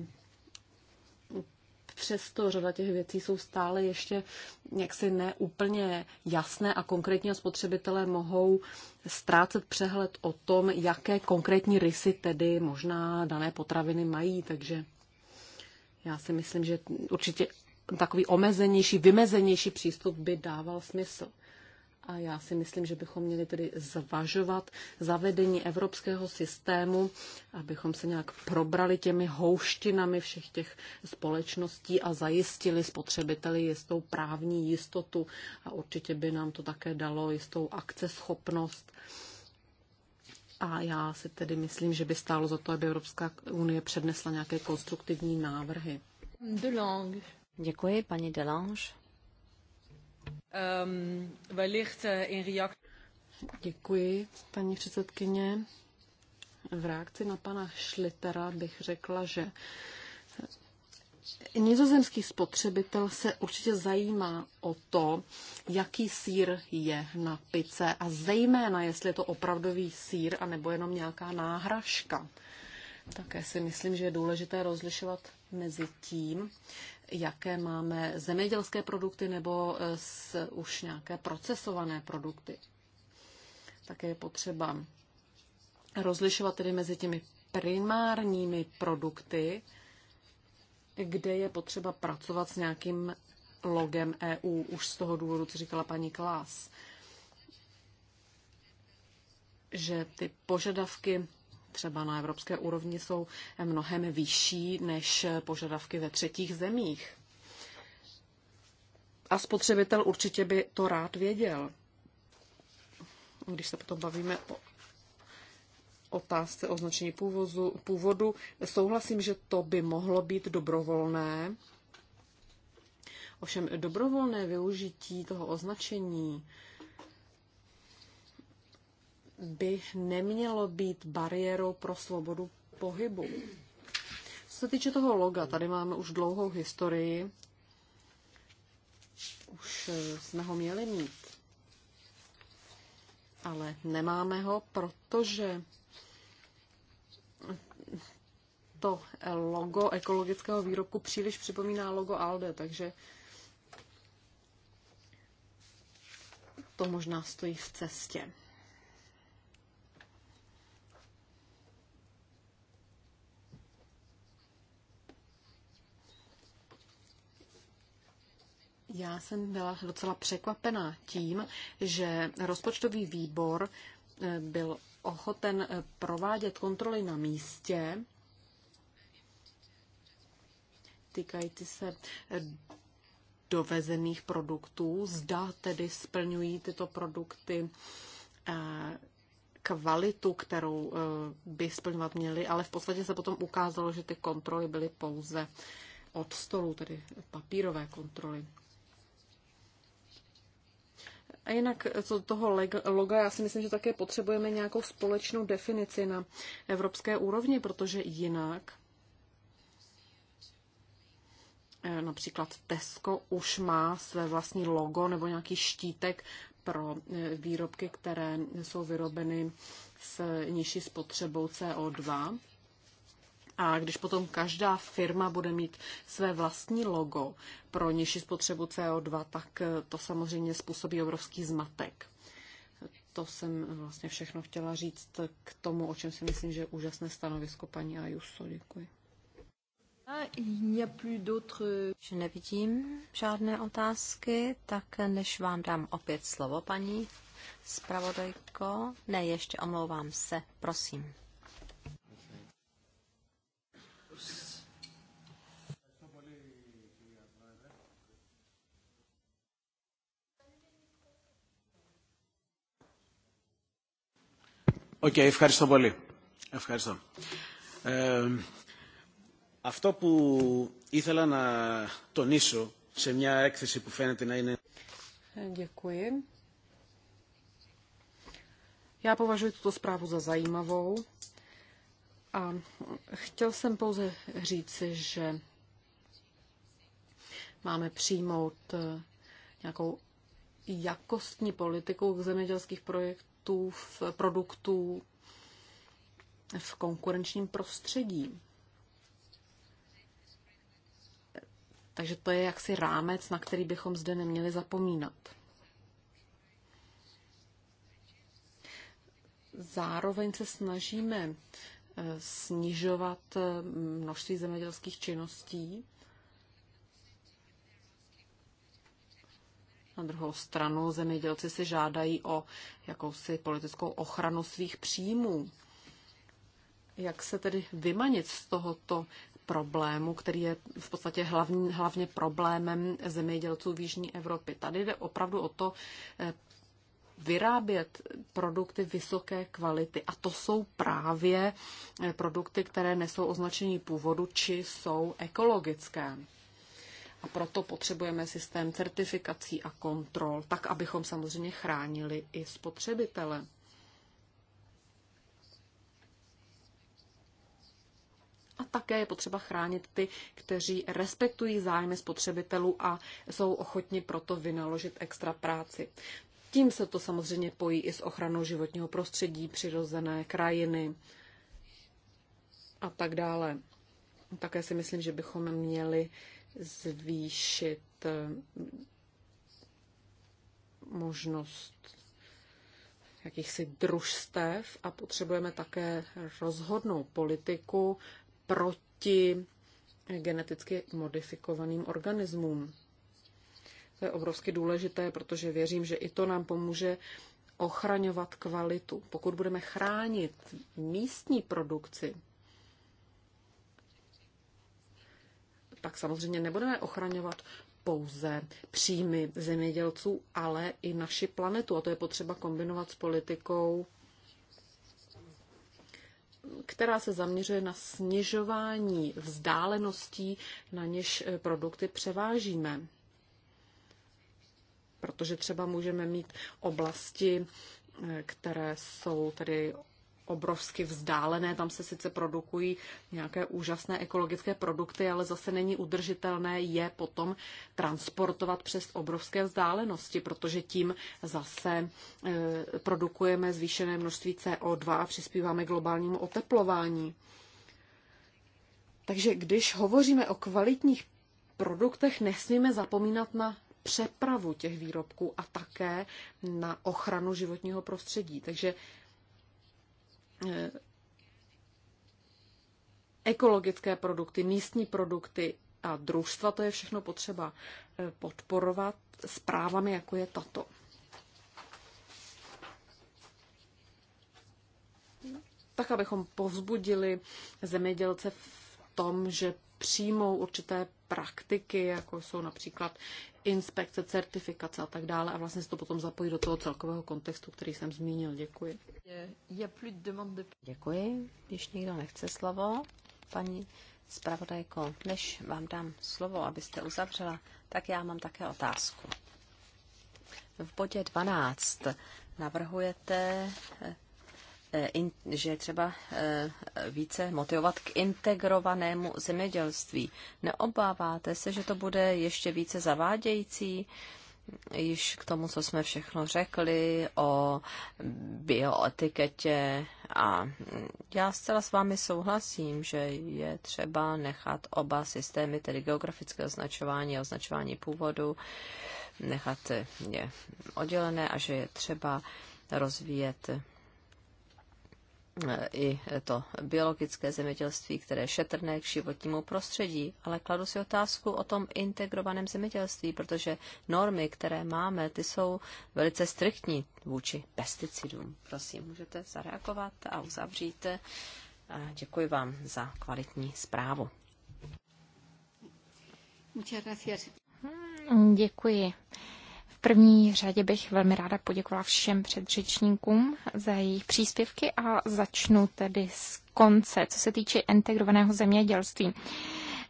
Přesto řada těch věcí jsou stále ještě jaksi neúplně jasné a konkrétně spotřebitelé mohou ztrácet přehled o tom, jaké konkrétní rysy tedy možná dané potraviny mají. Takže já si myslím, že určitě takový omezenější, vymezenější přístup by dával smysl. A já si myslím, že bychom měli tedy zvažovat zavedení evropského systému, abychom se nějak probrali těmi houštinami všech těch společností a zajistili spotřebiteli jistou právní jistotu. A určitě by nám to také dalo jistou akceschopnost. A já si tedy myslím, že by stálo za to, aby Evropská unie přednesla nějaké konstruktivní návrhy. Lange. Děkuji, paní Delange. Ehm, eh, Děkuji, paní předsedkyně. V reakci na pana Šlitera bych řekla, že Nizozemský spotřebitel se určitě zajímá o to, jaký sír je na pice a zejména, jestli je to opravdový sír nebo jenom nějaká náhražka. Také si myslím, že je důležité rozlišovat mezi tím, jaké máme zemědělské produkty nebo eh, s už nějaké procesované produkty. Také je potřeba rozlišovat tedy mezi těmi primárními produkty, kde je potřeba pracovat s nějakým logem EU, už z toho důvodu, co říkala paní Klás, že ty požadavky třeba na evropské úrovni jsou mnohem vyšší než požadavky ve třetích zemích. A spotřebitel určitě by to rád věděl. Když se potom bavíme o otázce označení původu, původu, souhlasím, že to by mohlo být dobrovolné. Ovšem dobrovolné využití toho označení by nemělo být bariérou pro svobodu pohybu. Co se týče toho loga, tady máme už dlouhou historii. Už eh, jsme ho měli mít. Ale nemáme ho, protože to logo ekologického výrobku příliš připomíná logo ALDE, takže to možná stojí v cestě. Já jsem byla docela překvapená tím, že rozpočtový výbor eh, byl ochoten eh, provádět kontroly na místě týkající se eh, dovezených produktů. Zda tedy splňují tyto produkty kvalitu, kterou by splňovat měly, ale v podstatě se potom ukázalo, že ty kontroly byly pouze od stolu, tedy papírové kontroly. A jinak eh, co toho loga, já si myslím, že také potřebujeme nějakou společnou definici na evropské úrovni, protože jinak eh, například Tesco už má své vlastní logo nebo nějaký štítek pro eh, výrobky, které jsou vyrobeny s nižší spotřebou CO2. A když potom každá firma bude mít své vlastní logo pro nižší spotřebu CO2, tak eh, to samozřejmě způsobí obrovský zmatek. To jsem vlastně všechno chtěla říct k tomu, o čem si myslím, že je úžasné stanovisko paní Ajuso. Děkuji. Že nevidím žádné otázky, tak než vám dám opět slovo, paní zpravodajko. Ne, ještě omlouvám se, prosím. Οκ, okay, ευχαριστώ πολύ. Ευχαριστώ. Ε, αυτό που ήθελα να τονίσω σε μια έκθεση που φαίνεται να είναι... Děkuji. Já považuji tuto zprávu za zajímavou a chtěl jsem pouze říci, že máme přijmout e, nějakou jakostní politiku k zemědělských projektů klientů, v, produktů v konkurenčním prostředí. Takže to je jaksi rámec, na který bychom zde neměli zapomínat. Zároveň se snažíme eh, snižovat eh, množství zemědělských činností, Na druhou stranu zemědělci si žádají o jakousi politickou ochranu svých příjmů. Jak se tedy vymanit z tohoto problému, který je v podstatě hlavní, hlavně problémem zemědělců v Jižní Evropě. Tady jde opravdu o to eh, vyrábět produkty vysoké kvality. A to jsou právě eh, produkty, které nesou označení původu či jsou ekologické. A proto potřebujeme systém certifikací a kontrol, tak abychom samozřejmě chránili i spotřebitele. A také je potřeba chránit ty, kteří respektují zájmy spotřebitelů a jsou ochotni proto vynaložit extra práci. Tím se to samozřejmě pojí i s ochranou životního prostředí, přirozené krajiny a tak dále. Také si myslím, že bychom měli zvýšit eh, možnost jakýchsi družstev a potřebujeme také rozhodnou politiku proti geneticky modifikovaným organismům. To je obrovsky důležité, protože věřím, že i to nám pomůže ochraňovat kvalitu. Pokud budeme chránit místní produkci, Tak samozřejmě nebudeme ochraňovat pouze příjmy zemědělců, ale i naši planetu. A to je potřeba kombinovat s politikou, která se zaměřuje na snižování vzdáleností, na něž eh, produkty převážíme. Protože třeba můžeme mít oblasti, eh, které jsou tedy obrovsky vzdálené, tam se sice produkují nějaké úžasné ekologické produkty, ale zase není udržitelné je potom transportovat přes obrovské vzdálenosti, protože tím zase e, produkujeme zvýšené množství CO2 a přispíváme globálnímu oteplování. Takže když hovoříme o kvalitních produktech, nesmíme zapomínat na přepravu těch výrobků a také na ochranu životního prostředí. Takže Eh, ekologické produkty, místní produkty a družstva, to je všechno potřeba eh, podporovat zprávami, jako je tato. Tak, abychom povzbudili zemědělce v tom, že přijmou určité praktiky, jako jsou například inspekce, certifikace a tak dále a vlastně se to potom zapojí do toho celkového kontextu, který jsem zmínil. Děkuji. Děkuji, když nikdo nechce slovo. Paní zpravodajko, než vám dám slovo, abyste uzavřela, tak já mám také otázku. V bodě 12 navrhujete eh, Eh, že je třeba eh, více motivovat k integrovanému zemědělství. Neobáváte se, že to bude ještě více zavádějící? Již k tomu, co jsme všechno řekli o bioetiketě a já zcela s vámi souhlasím, že je třeba nechat oba systémy, tedy geografické označování a označování původu, nechat je oddělené a že je třeba rozvíjet i to biologické zemědělství, které je šetrné k životnímu prostředí. Ale kladu si otázku o tom integrovaném zemědělství, protože normy, které máme, ty jsou velice striktní vůči pesticidům. Prosím, můžete zareagovat a uzavřít. A děkuji vám za kvalitní zprávu. Hmm, děkuji. V první řadě bych velmi ráda poděkovala všem předřečníkům za jejich příspěvky a začnu tedy z konce, co se týče integrovaného zemědělství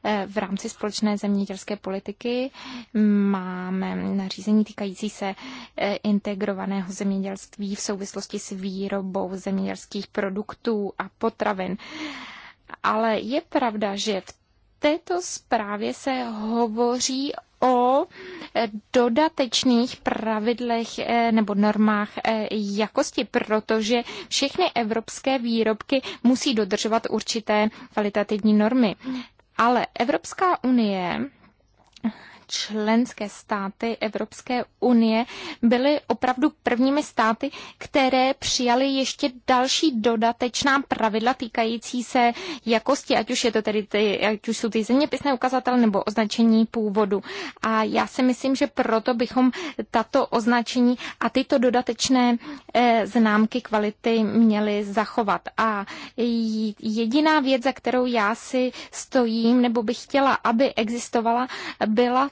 eh, v rámci společné zemědělské politiky máme nařízení týkající se eh, integrovaného zemědělství v souvislosti s výrobou zemědělských produktů a potravin. Ale je pravda, že v této zprávě se hovoří o dodatečných pravidlech eh, nebo normách eh, jakosti, protože všechny evropské výrobky musí dodržovat určité kvalitativní normy. Ale Evropská unie členské státy Evropské unie byly opravdu prvními státy, které přijaly ještě další dodatečná pravidla týkající se jakosti, ať už, je to tedy ty, ať už jsou ty zeměpisné ukazatele nebo označení původu. A já si myslím, že proto bychom tato označení a tyto dodatečné eh, známky kvality měli zachovat. A jediná věc, za kterou já si stojím nebo bych chtěla, aby existovala, byla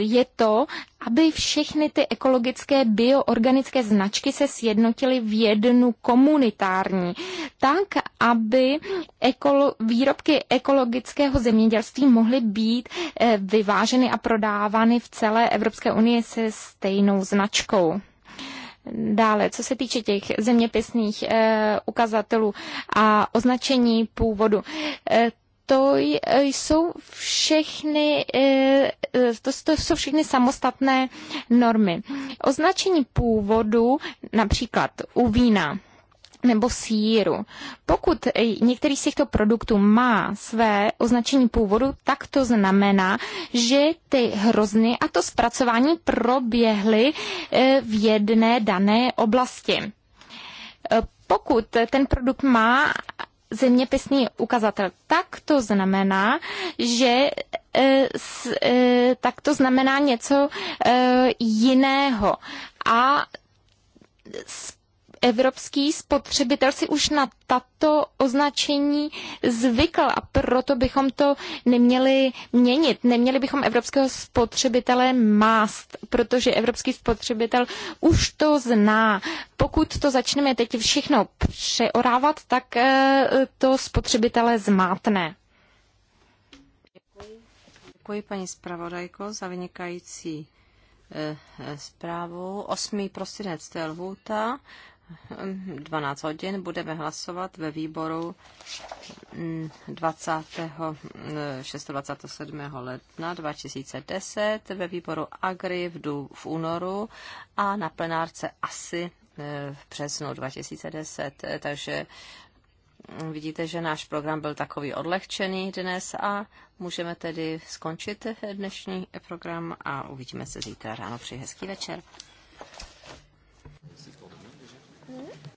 je to, aby všechny ty ekologické bioorganické značky se sjednotily v jednu komunitární, tak, aby ekolo, výrobky ekologického zemědělství mohly být eh, vyváženy a prodávány v celé Evropské unii se stejnou značkou. Dále, co se týče těch zeměpisných e, ukazatelů a označení původu, e, to jsou všechny, eh, to, to jsou všechny samostatné normy. Označení původu, například u vína, nebo síru. Pokud některý z těchto produktů má své označení původu, tak to znamená, že ty hrozny a to zpracování proběhly eh, v jedné dané oblasti. Eh, pokud ten produkt má zeměpisný ukazatel. Tak to znamená, že e, e, tak to znamená něco e, jiného. A evropský spotřebitel si už na tato označení zvykl a proto bychom to neměli měnit. Neměli bychom evropského spotřebitele mást, protože evropský spotřebitel už to zná. Pokud to začneme teď všechno přeorávat, tak eh, to spotřebitele zmátne. Děkuji, paní zpravodajko za vynikající eh, eh, zprávu. Osmý prosinec to je lhůta 12 hodin budeme hlasovat ve výboru 20. 26. 27. ledna 2010, ve výboru Agri v, dů, v únoru a na plenárce asi eh, v březnu 2010. Takže mm, vidíte, že náš program byl takový odlehčený dnes a můžeme tedy skončit dnešní program a uvidíme se zítra ráno. Přeji hezký večer.